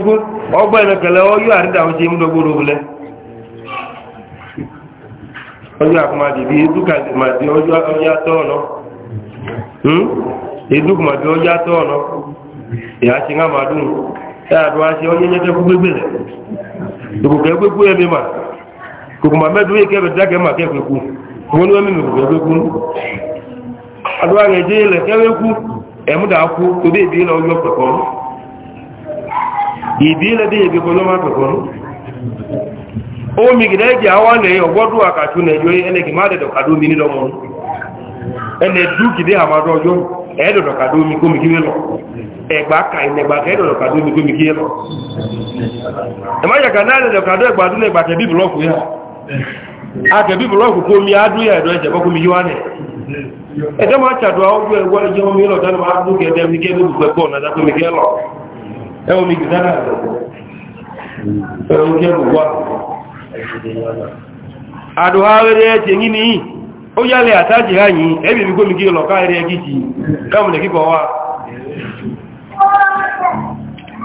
ẹ̀yàdù aṣe a yẹ́kẹ́ fún gbégbé rẹ̀ ìgbòkè gbégbé ẹ̀mí mà kòkò mà mẹ́dúró yìí kẹ́bẹ̀ dákẹ́ mà kẹ́kẹ́ kú wọn ni wọ́n mímì kòkò gbégbé kú adúlá dé ilẹ̀ kẹ́wé kú ẹ̀múdà kú torí ìdí omi awọn nẹjọ ẹnẹ dẹdọ mi ẹnẹ ọjọ ẹdọdọ mi kó mi lọ ẹgbà ka ìnẹgbà kẹ́ ìdọ̀dọ̀ kàdó ní gbémi kí ẹ lọ ẹmọ́ yàkà náà ìdọ̀dọ̀ kàdó ẹgbà tó lẹ́gbà tẹ̀bí bùlọ́ọ̀kù yá akẹ̀bí bùlọ́ọ̀kù kó mi adú yà ẹ̀dọ̀ ẹ̀jẹ̀ bọ́kú mi yíwá nẹ̀ ẹ̀dẹ́ máa tàdọ̀ àwọn ọjọ́ ẹ̀wọ́ ẹ̀jẹ̀ omi lọ dáná máa dún kẹ́ẹ̀dẹ́ mi kẹ́ẹ̀dẹ́ gbogbo ẹ̀kọ́ ọ̀nà dákú mi kẹ́ lọ ẹ̀wọ̀n mi gìdá náà ẹ̀wọ̀n kẹ́ gbogbo àdó àwẹ̀rẹ̀ ẹ̀jẹ̀ yìí nìyí ó yálẹ̀ àtàjì ráyìn ẹ̀bí mi gómi kí lọ káàrẹ̀ ẹ̀gìjì káàmù nẹ̀kíkọ̀ wa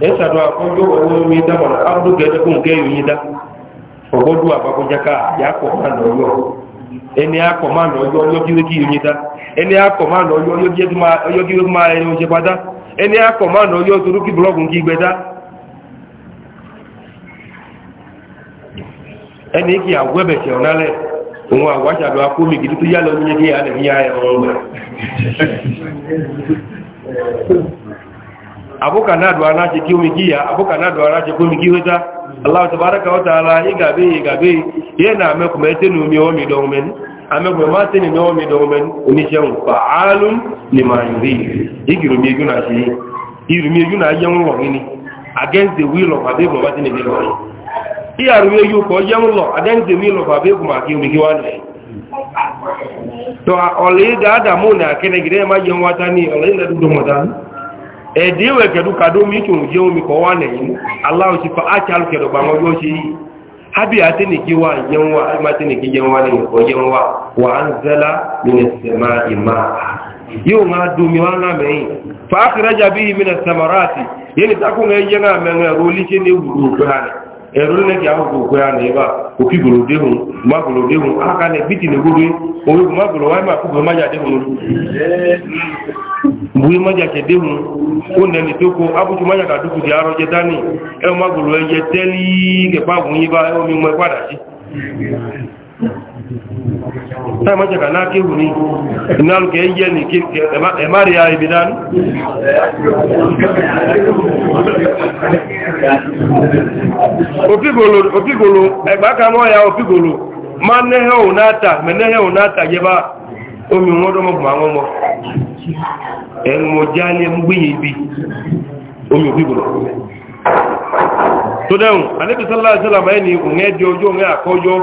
esadu akɔjɔ owo mi da mɔna abu gɛdɛ kó nkɛ yi da ɔgbɔdu jaka ya ko ma nɔ yɔ ɛni akɔ ma nɔ yɔ ɔyɔ kiwe ki yi da ɛni akɔ ma nɔ yɔ ɔyɔ kiwe ma a kiwe ma ɛni ɔjɛ ba da ma nɔ yɔ turuki ki awɔ bɛ tɛ ɔna lɛ òun àwáṣàdó akómi gidi abuka na duwa na ce kiwon giya abuka na duwa na ce komi kiwon ta Allah ta baraka wa ta'ala igabe igabe yana mai kuma yace nu mi don men ame kuma ma mi don men fa'alun yuri igiru mi yuna shi mi yuna yan wo ni against the will of abe lo yi mi yu ko yan lo against the will of abe kuma ki mi to da da mu na kene gire ma yan ni ẹ̀dẹ́ ìwẹ̀ kẹ̀dù kàdó mi tó ń jẹ́ omi kọ̀ wá nẹ̀yìn aláwọ̀ ti fa ákí alùkẹ̀dọ̀ gbàmọ́ yóò ṣe yìí hábí àtẹ́nìkí wà jẹun wà ìmátẹ́nìkí jẹun wà nìyẹn kọ̀ jẹun wà wà á ń zẹ́lá nínú ẹ̀rọ lẹ́nẹ̀ kí àwọn òkú ya nìyẹn a òkú gbòòrò déhùn gbàgbòòrò aka àkànnẹ̀ bìtì lè gbòòrò òwe gbòòrò wáyé máa fúgbòòrò májà déhùn lórí. bùyé májà kẹ déhùn ó na tó kó abújú májà kà dúkù di arọ jẹ dání ẹ má gbòòrò ẹyẹ tẹ́lí kẹfà wọ̀nyí bá ẹ táyì máa jẹ́ka náà kéhù ní ìnáàlù kẹ́ yẹ́ ní ẹ̀má rí ààrẹ ibi dánú òpígolo ya òpígolo ma nẹ́hẹ́ òun náà tà mẹ́nẹ́hẹ́ òun náà tà yẹ bá omi wọn dọ́mọ́ ibi àwọn ọmọ ẹ̀wọ̀n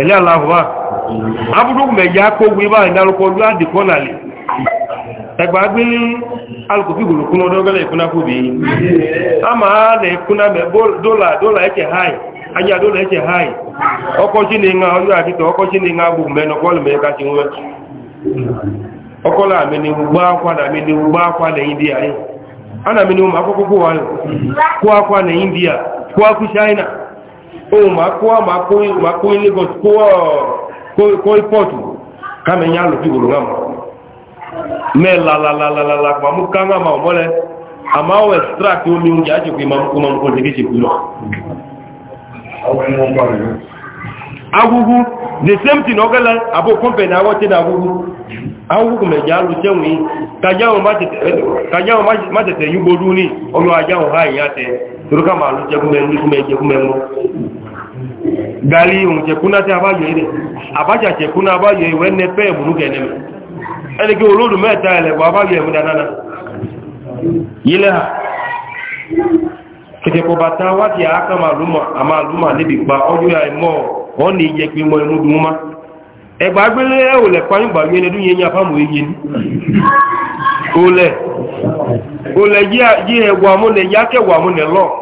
ẹ̀lẹ́ aláwọ̀ abúrú mẹ̀yà kógun ibá ìdálùkọlú àdìkọ́nàlè ẹgbà gbé alùkòfí gùnlùkún ọdọ́gọ́lẹ̀ ìkúnná fòbí a máa lẹ̀ ìkúnná mẹ́ dólà ẹ̀kẹ̀ háì ajá dola ẹ̀kẹ̀ háì ọkọ̀ṣí ni ńlá ọjọ́ ọkọchị na ni ńlá gbogbo mẹ́nà kọ́lù mẹ́ka ti ni india ohun ma kó wá ma kó lagos kó ipọ́tù kámi ní alùpùpù gbogbo náà mẹ́ lalalalala pàmú káńgá ma ọmọlẹ́ àmá ọ̀ extract omi oúnjẹ àjòkú ìmọ̀mùkú mọ̀mùkú ní kéṣe kú lọ agugu the same thing ọgẹ́lẹ́ àbò kọ́mpẹ̀lẹ̀ àwọ́ tí agugu agugu mẹ̀já lù sẹ́wọ̀n ha gali ohun tẹkúnná tí a bá yọ ire àbájá tẹkúnná bá yọ ìwẹ́ ní pẹ́ ìmúrú gẹ̀ẹ́nẹ́ mẹ́ ẹni kí olóòdù mẹ́ta ẹlẹ́gbọ́ abáyọ ẹ̀mú dánáná yílẹ̀ ha kẹtẹkọ bàtà wá ti àákà máa lúmà níbi pa ọjọ́ ọ́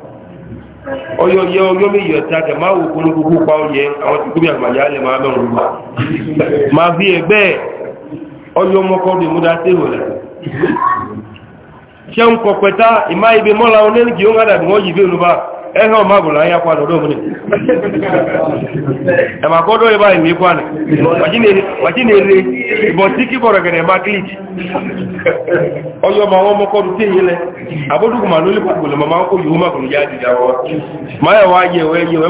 ọyọ yẹ ọyọ méjì ọ̀tá kẹ máa wò kúrò kúkú pa ọyẹ àwọn tí kúrò àgbàjá lè máa Ma wà máa fi ẹgbẹ́ ọyọ mọ́kọ́ bí múdá tèwò rẹ̀ ṣe ń kọ̀ pẹ̀ta ìmáyébé mọ́la onẹ́nìkì ó ń gádà wọ́n yìí bẹ́ẹ̀ ẹ̀hẹ́ ọmọ àgùnlá ayá kwàdọ̀ ọdọ́ òmìnir ẹ̀mà kọ́dọ̀ ẹbá ìwé kwàdọ̀ wàjí ní èrè ìbọn tí kí bọ̀rọ̀ gẹ̀rẹ̀ bá kílìkì ọjọ́ ma wọ́n mọ́kọ́dù tí èyílẹ̀ àbódùkùnmà ló lè pàgbòlò ma máa ń kó yìí wọ́n mákùnrin yá àdìjà wọ́n máa yẹ̀ wá yẹ̀ wẹ́ yẹ̀ wẹ́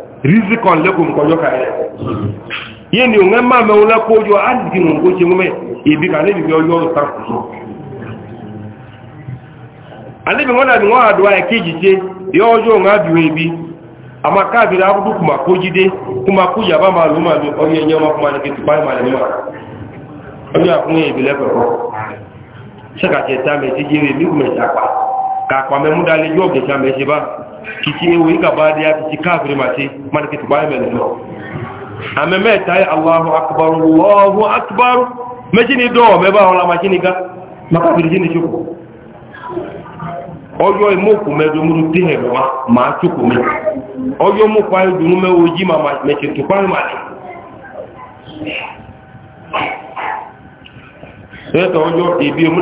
rizikon lekum ko yoka e yeni unga mama ula ko jo andi mun ko ci ngume ibi ka ne bi yo yo ta ko ale bi ngona bi ngwa do ay kiji je yo jo nga bi we bi ama ka bi rabu du kuma ko jide kuma ku ya ba ma lu ma bi o ye nyoma kuma ne ki ba ma ne ma o ya ku ne bi le ko saka je ta me ti je we mi ku me ta pa ka pa me mu dale jo ge ta me se ba kìkì ewu yìí gàba di ya kìkì káàbìrì màtí mani kìkì báyìí tayi lọ. àmẹ́mẹ́ ta yẹ aláhu akubaru wọ́ọ̀hu akubaru méjì ni dọ́ọ̀ mẹ́bàá ni ga màkàbìrì jì ni tsoko. ọyọ ìmọ̀kù mẹ́dọ̀ múlu tẹ́hẹ̀ wá màá tsoko mi. ọyọ dunu ma mẹ́tì tó ebi emu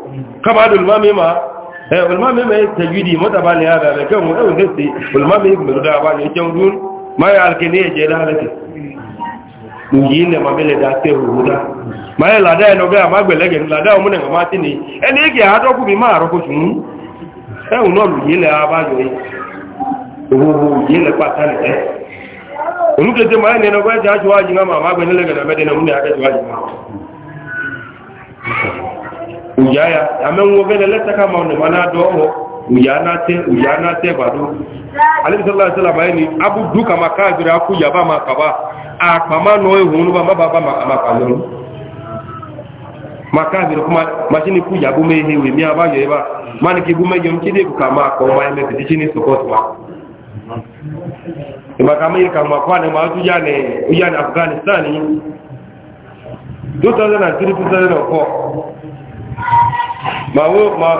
kama do luma ma eh luma mi ma tajwidi mota ba da kan wani sai ba ne dun ma ya alkene je da yi ne ma ya la hmm? eh, eh. na no ga ma gbele ge la da mu ne ma ti ni eni ha ma ro ko sun e un a yi ji na na ma ujaya amengogele leta kama unemana doho ujanate ujanate badu. alayhi sallallahu alayhi wasallam yani abu duka makazira akuja ba makaba akama noye hunu ba baba makaziro makaziro kuma mashini kuja bume hewe mi abayo eba mani kigume yo mchide kukama kwa maembe tichini sokotwa imakamiri kama kwane mawatu jane ujane afghanistan 2003 2004 ma wo ma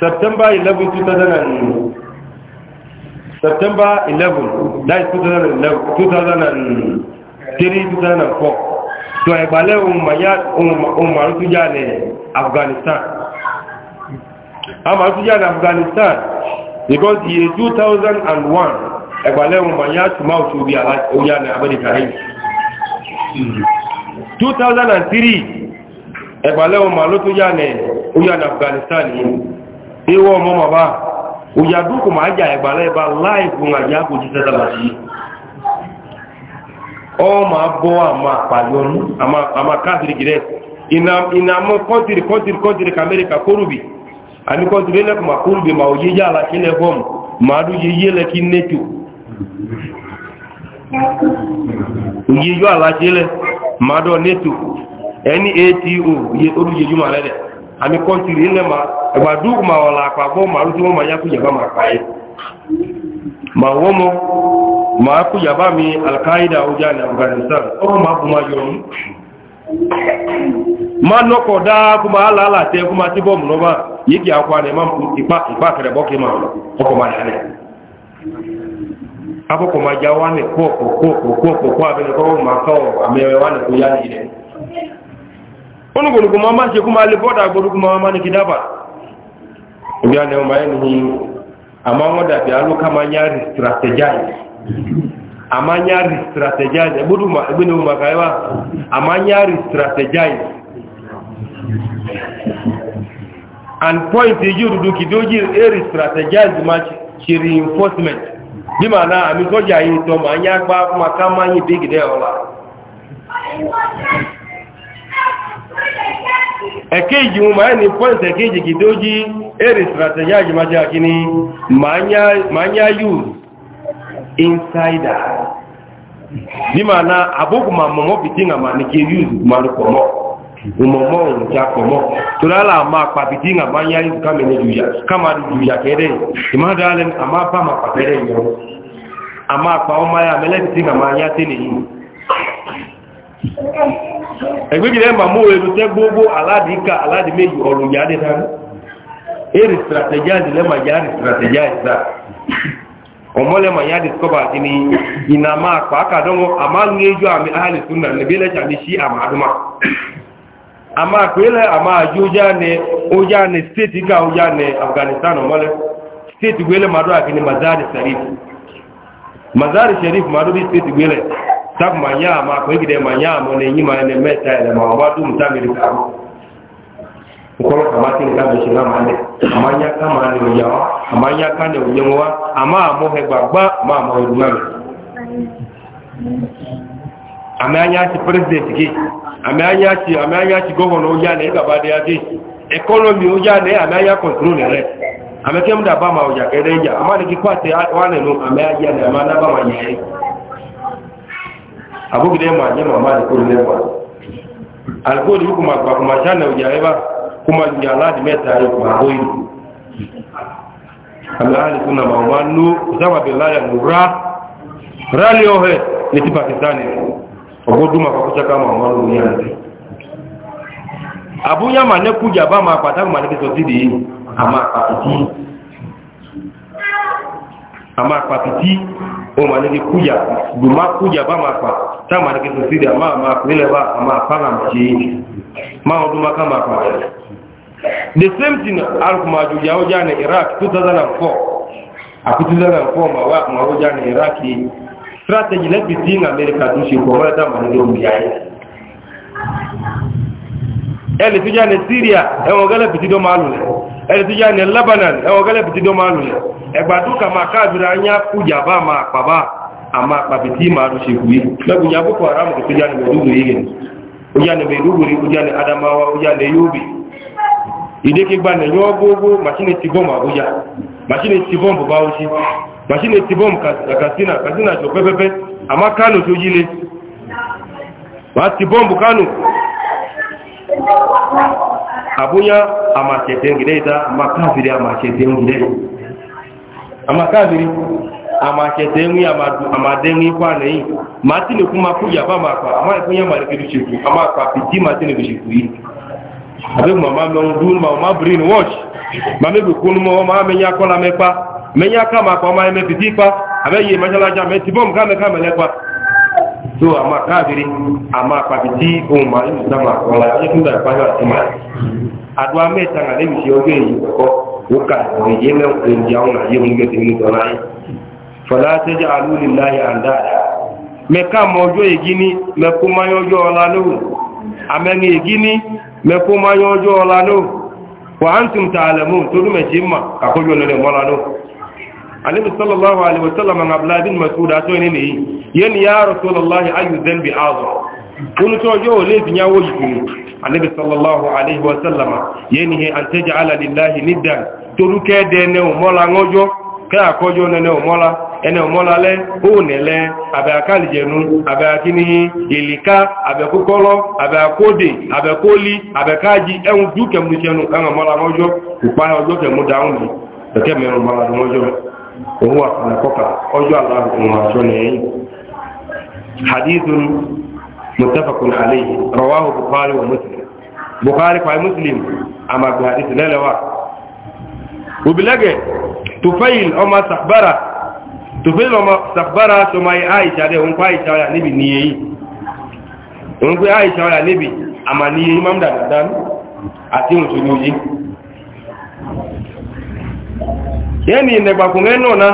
september 11 2000 september 11 that is 2011 2003 2004 to ẹgbàlẹ́ ohun maru tó já ní afghanistan a maru tó já ní afghanistan because the year 2001 ẹgbàlẹ́ ohun mayá tó máa tó bí aláàrín abẹ́dẹ̀kàrí 2003 ẹgbàlẹ́ ọmọ ló tó yà ní oyà ní afghanistan yìí ewọ́ ọmọ bàbá òyàdúkù máa jà ẹgbàlẹ́ ẹba láìfún àjá kò jí sẹ́tàlá sí ọmọ abọ́ àmà àpàyọnú àmà káàkiri gírẹ́ ìnàmọ́ kọ́ntìrì kọ́ntìrì kọ́ntìrì kamẹ́ríkà kórùbì àmì kọ́ntìrì ẹlẹ́kùnmà kórùbì máa òye yà lákílẹ̀ fọ́ọ̀mù máa mado neto nato ye oruye juma lede ami kontiri ile ma egba duk ma ola apagbo ma ruti won ma ya kujaba ma paye ma womo ma kujaba mi alkaida oja ni afghanistan o ma kuma yoni ma nọkọ daa kuma ala ala tẹ kuma ti bọ mùnọ ba yìí kì í akwa ni ma ipa ipa kẹrẹ bọ kí ma ọkọ ma yà ni aboko maja wane koko koko koko kwa bene kwa makao amewe wane kuyani ile onu gulu kuma manje kuma le boda gulu kuma mani kidaba ndia ne ma ni amango da bi alu kama nyari strategize amanyari strategize budu ma ibinu makaiwa amanyari strategize and point you do kidoji eri strategize match reinforcement bí màá na àmì kọjá yìí tọ́ màá nyá gbá máa ká máa yín bíi gidẹ́ ọ̀la. ẹ̀kejì wọn máa ní pọ́ǹsì ẹ̀kejì gidẹ́ ó jí èrè sàtẹ̀yà àkíní màá nyá yù insider bí màá na àbókù màá mọ̀mọ́ fìtí nà màá ní kí yù màá ní pọ̀ mọ́ umọmọ òun ti akọmọ torí àlà máa pàtìtì ìgbà máa ń yá ìlú ká jùyà ká di jùyà kẹ́rẹ́ ìmáàdá alẹ́ a máa bá máa pàtẹ́rẹ́ ìyọ́ a máa pa ọmọ ayá mẹ́lẹ́tì ìgbà máa yá tẹ́lẹ̀ yìí ẹgbẹ́gbẹ́ màmú ẹ̀rù tẹ́ gbogbo aládìíkà aládìíméjì ọ̀rùn yáde dáná èrì strategize lẹ́mà yáde strategize dá ọmọ lẹ́mà yáde discover àti ní ìnàmà pàákàdánwò àmà ń gẹ́jọ́ àmì àhàlì súnà níbi lẹ́jà sí àmà ama kwele ama aju ujane ujane state ga ujane afghanistan mole state gwele madu ni mazari sharif mazari sharif madu bi state gwele sab manya ma ko gide manya mo ne nyima ne meta ele ma ba dum ta mi ka ukolo kama tin ka bi shina mane amanya kama ne ujawa amanya kane ujenwa ama mo he gbagba ma mo he dumame àmì anyáṣì president gé àmì anyáṣì àmì anyáṣì gọ́gọ́nà ó yá ní ìgbàbá dé adé economy ó yá ní àmì anyá control rẹ̀ àmì kí mú dàbá ma ọjà kẹ́rẹ́ ìjà àmà ní kíkọ́ àti wà nínú àmì ayé àmì àmà náà bá ma yẹ ẹ́ àbúgidé mà jẹ́ màmá ní kúrò lẹ́wà àlùkò ní kò mà gbà kò sánà ọjà rẹ̀ bá kò mà mẹ́ta rẹ̀ kò bó yìí àmì àlùkò nà màmá nú ìsáwàbẹ̀ láyà nù rà rálẹ̀ ọ̀hẹ́ ní ti pakistani rẹ̀ ọgbọ́dúnmà kọkọ́sọ́ká ma wọ́n lórí àti àbúyá ma ní kújà bá ma pàtàkì ma ní kẹsọ̀ sí dìí a máa pàpìtì o ma ní kí kújà gbùmá kújà bá ma pa táà ma ní kẹsọ̀ sí dìí a máa ma pínlẹ̀ bá a máa pàrà máa ọdún maka ma the same thing alùpùmájú yàwó já ní iraq 2004 àkútí 2004 ma wá àwọn ọjà ní iraq yìí strategy lẹ́bi tí ń amẹ́ríkà tó ṣe kọ́ mọ́lẹ́dá mọ̀ nílé omi ayé ẹni tó jáde syria ẹwọ̀n gẹ́lẹ́ pìtì dọ́ máa lulẹ̀ ẹni tó jáde lebanon ẹwọ̀n gẹ́lẹ́ pìtì dọ́ máa lulẹ̀ ẹgbà tó kà máa káàbìrì anyá kújà bá máa pàbá àmà pàbìtì máa ló ṣe kúyé lẹ́gùn ya boko haram tó jáde mẹ́lúwò yìí ni ó machine ti bom katsina katsina jo pepepe ama kano to jile ma ti bombu kano abunya ama chetenge deita ama kafiri ama chetenge deita ama kafiri ama chetenge ama ama dengi kwa nei matini kuma kuja ba makwa ama kunya malikidu chiku ama kwa piti matini bishiku hii abe mama mlo ndun mama brain watch mame bikunu mama menya kola mepa menye aka kama akpa ma emepụta ikpa ameghị emechalaja meti bọm ka meka melekwa so ama ọ ama akpapiti ụma ịmụta ma akpọla ịkụta akpanya ọtịma adụ ama ịta na ebichi oge eyi kọ ụka oyi eme ya ahụ na ihe nwuge dị nwuge n'anyị fọlá tẹjá alúlì láyé àndáàdá na mọ ọjọ ègíní mẹkó máyọ ọjọ ọlá lóhùn àmẹni ègíní mẹkó máyọ ọjọ ọlá lóhùn wà á ta annabi sallallahu alaihi wasallam an abladin masuda to ne ne yan ya rasulullahi ayu dhanbi azra kun to jo le binya wo yi annabi sallallahu alaihi wasallam yan he an taj'ala lillahi niddan to ruke de ne o mola ngojo ka akojo ne ne o mola ene o mola le o ne le abe akali jenu abe akini ilika abe kokoro abe akode abe koli abe kaji ehun duke mu jenu kan mola ngojo upa ojo ke mu daun ni ke me mola ngojo òun wà fún kọ́kà ọjọ́ aláàbùn àjọ nìyẹn hadithun mutafakun alayhi rawahu bukhari wa muslim bukhari fa muslim ama bi hadith lelewa ubilage tufail ọmọ sàkbára tufail ọmọ sàkbára sọmọ aisha dẹ òun kọ aisha ọyà níbi níyẹn òun kọ aisha ọyà níbi àmà níyẹn imam dandan àti òun tó lóyìn yẹni nẹgbà kùnrin náà na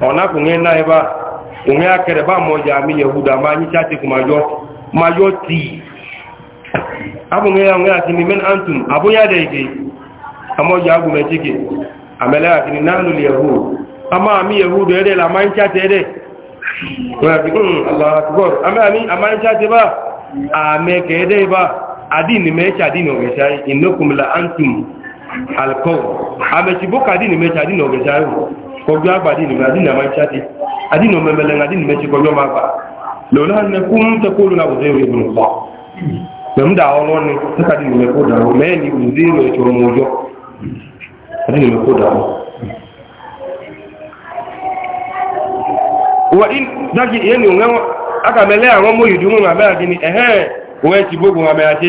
ọ̀nà kùnrin náà ya kùnrin akẹrẹ bá mọ̀já àmì yẹ̀húdà máa ní sáti kù yọ tí abùnrin àwọn ya ní mẹ́n antum abúnyádẹ̀ ìgbé amọ́já ya àmẹ́lẹ́ àti ní náà lulẹ̀ a máa mi yẹ̀húdà ẹ̀rẹ́ la máa ń ede alkọ́ọ̀ amẹ̀tìbó kàdí ni mẹ́tì àdínà ọ̀gẹ̀dẹ̀ ayò kọjú àgbà àdínà àdínà máa ń ṣáti àdínà mẹ́mẹ́lẹ́ àdínà mẹ́tì kọjú ọmọ àgbà lọ́la ń kún tẹ́kọ́lù náà òṣèré ìbùn pọ̀ mẹ́mdà ọlọ́ni tẹ́kàdí ni mẹ́kọ́ dàrú mẹ́ni òṣèré ẹ̀tọ́ ọmọ ọjọ́ àdínà mẹ́kọ́ dàrú. wà í dájú ìyẹn ni òun aka mẹ́lẹ́ àwọn mọ́ ìdúnmọ́ àmẹ́ àdínì ẹ̀hẹ́n òun ẹ̀ ti gbógun àmẹ́ àti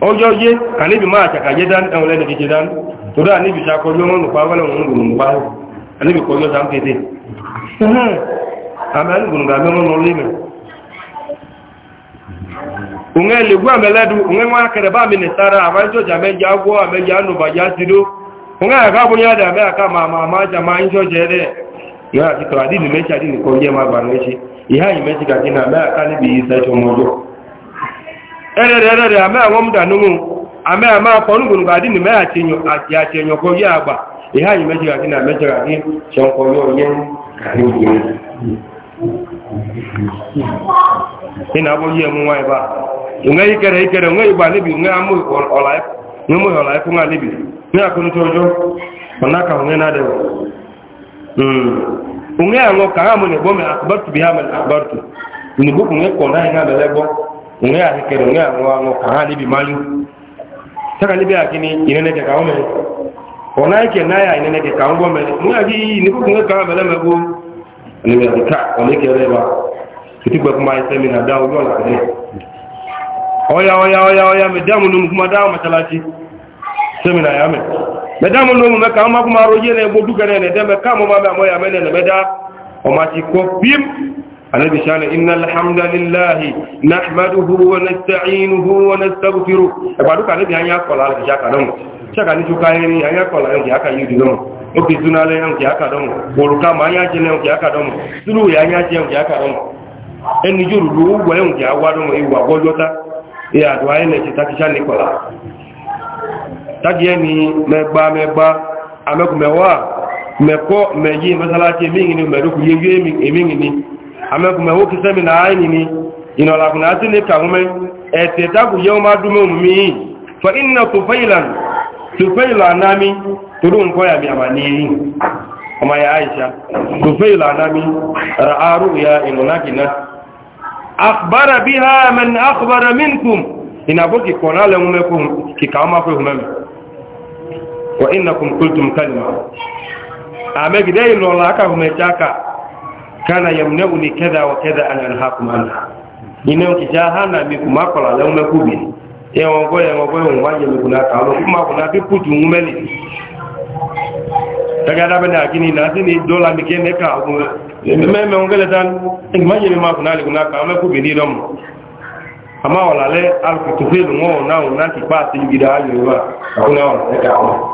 ọjọ́ yé kà níbi máa àtàkàjẹ́ dán ẹ̀wọ̀n lẹ́nu jíjẹ dán tó dáa níbi ṣàkọjọ́ wọn nùpa wọn lẹ́wọ̀n gbùnùgbà níbi kọjọ́ sáà ń kéde àmì àgbùnùgbà mẹ́wọ́n lọ lẹ́mẹ̀ òun ẹ̀ lè gbọ́ àmẹ́lẹ́dù òun ẹ̀ wọ́n akẹrẹ bá mi nìtara àwọn ìjọjà mẹ́jà gbọ́ àmẹ́jà nùbàjá ti dó òun ẹ̀ ká bóyá dà mẹ́ àká màmá àmájà máa ń jọjẹ ìmẹ́sìkà kí nà mẹ́ àká níbi ìṣẹ́jọ́ ọmọ erere ameawomdanwu ameama kpọnugwuru ga adị na meghachi yachi enyoko gị agba ihe anyị mejighachi na emejighachi chọnkwọrọ onye ị na ihe a e na ya ka mụ na ha ŋun y'a kɛrɛ ŋun y'a ŋun wa ŋun kan ale bi mali saka ne bɛ a kini ɲinɛ kɛ k'anw mɛ o n'a ye kɛ n'a y'a ɲinɛ kɛ k'anw bɔ mɛ ŋun y'a k'i ni ko kun ka kan mɛlɛ mɛ ko ne bɛ a ka o ne kɛrɛ ba kiti gbɛ kuma ye fɛn min na da o yɔrɔ la dɛ ɔya ɔya ɔya ɔya mɛ da minnu kuma da masalasi fɛn min na a y'a mɛ mɛ da minnu mɛ k'an ma kuma arojɛ ne bɔ du kɛnɛ ne dɛ mɛ k'a mɔ ma mɛ a mɔ y'a mɛ ne mɛ da o ma ti kɔ pim الذي شان إن الحمد لله نحمده ونستعينه ونستغفره بعدك الذي أن يقول على شاك نوم شاك نشوك أن يقول أن شاك يدنوم oke suna le yan ki aka don woruka ma ya je le yan ki aka don sulu ya ya je yan ki aka don eni juru lu wo yan ki awa don e wa gojota e adu aye le ti takisha nikola tagi eni megba megba ameku mewa meko meyi masalaje mingi ni medu ku yeye mingi ni amekume woki semina nini inola kuna atini kahume etetaku yoma dume ummi fa ina tufailan tufaila nami turun koya mi amani kuma ya aisha tufaila nami raaru ra'a ru'ya inunakina akhbara biha man akhbara minkum inaboki kona le umekum kikama kwa umeme wa innakum qultum kalima amegidei lola aka umechaka kana yamnauni kadha wa kadha an anhaakum anha ina ukijahana mikumakola ya umekubi yewongo yewongo yewongo mikunaka mikumako bi putu ngumeli tagada bana akini na sini dola mikene ka meme ongele tan ngimaje ni kuna li kunaka umekubi ni domo ama wala le alkutufilu ngo na unati pasi gida ayo wa kuna wala ka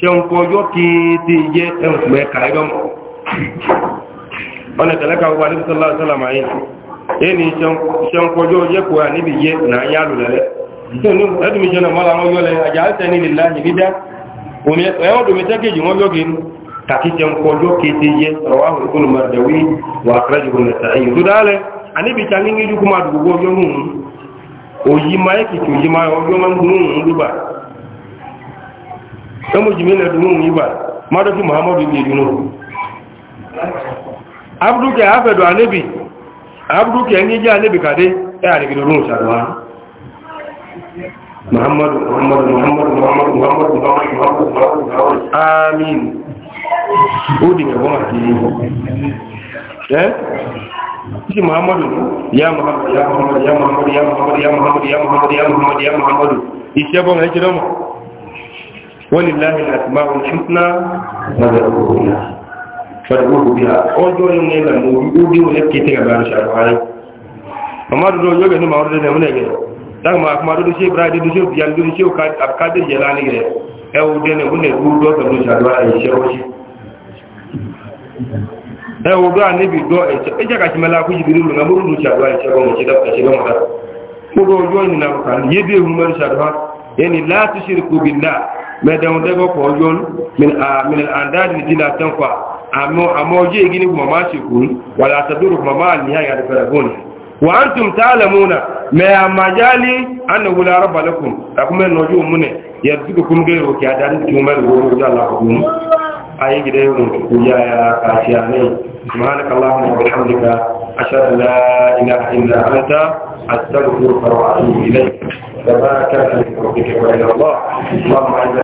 ṣẹ̀ǹkọ́ ọjọ́ kéèdè yẹ ẹ̀ǹkùnmẹ́ kàídọ́m ọ̀nà tẹ̀lẹ́kà wà ní sọ́lá sọ́lámà yìí ẹni ṣẹ̀ǹkọ́ ọjọ́ yẹ kò wà níbi yẹ náà yá lò lẹ́lẹ́ ẹdùnmí jẹ́ náà mọ́lá wọn yọ lẹ́ àjà àṣẹ ní lílá yìí dídá ẹ̀wọ́n dùnmí tẹ́kẹ̀jì wọn yọ gẹ̀ẹ́nu kàkí ṣẹ̀ǹkọ́ ọjọ́ kéèdè yẹ ọ̀wá òkúlù mọ̀rẹ̀dẹ̀wí wà àkàrẹ́jù òyìnbá ẹ̀kìtì òyìnbá ọjọ́ máa ń gbóhùn ń dúbà ẹmọ jùmílẹ̀ dùnmù ìgbà mádọ́fí muhammadu ibi ìdúnú abdúkẹ̀ afẹ́dọ̀ anẹ́bì abdúkẹ̀ ní jẹ́ anẹ́bì kàdé ẹ àrẹ̀gẹ̀dọ̀rún ìṣàdọ̀wà muhammadu muhammadu muhammadu muhammadu muhammadu muhammadu muhammadu amin ó dì mẹ́wọ́n àti ẹ́ kí muhammadu ya muhammadu ya muhammadu ya muhammadu ya muhammadu ya muhammadu ya muhammadu ya muhammadu iṣẹ́ bọ́ ولله الأسماء الحسنى فادعوه بها فادعوه بها أوجو يوم يلا موجودي ولكي تغبان شعبان أما دو يوجد ما أرد أن أقول dan ma kuma dudu shi ibrahim dudu shi yan dudu shi abkadir jelani ne e o de ne bune du do ta du mẹ́dẹ̀un dẹ́gbọ́pọ̀ ọjọ́ mìíràn àndáàdì dínà tẹ́ǹkwà àmọ́ ojú ègí ní kùmọ̀má ṣekú wà látàdúrù kùmọ̀má àníyà yàdìfẹ̀rẹ̀gùn wà ń tún tààlẹ̀múnà mẹ́àmàjálí annahula rọ̀bàlẹ́kùn àkúmẹ́nu ojú òmúnẹ̀ yàdìfẹ̀kùn gẹ̀rọ إليك تبارك الله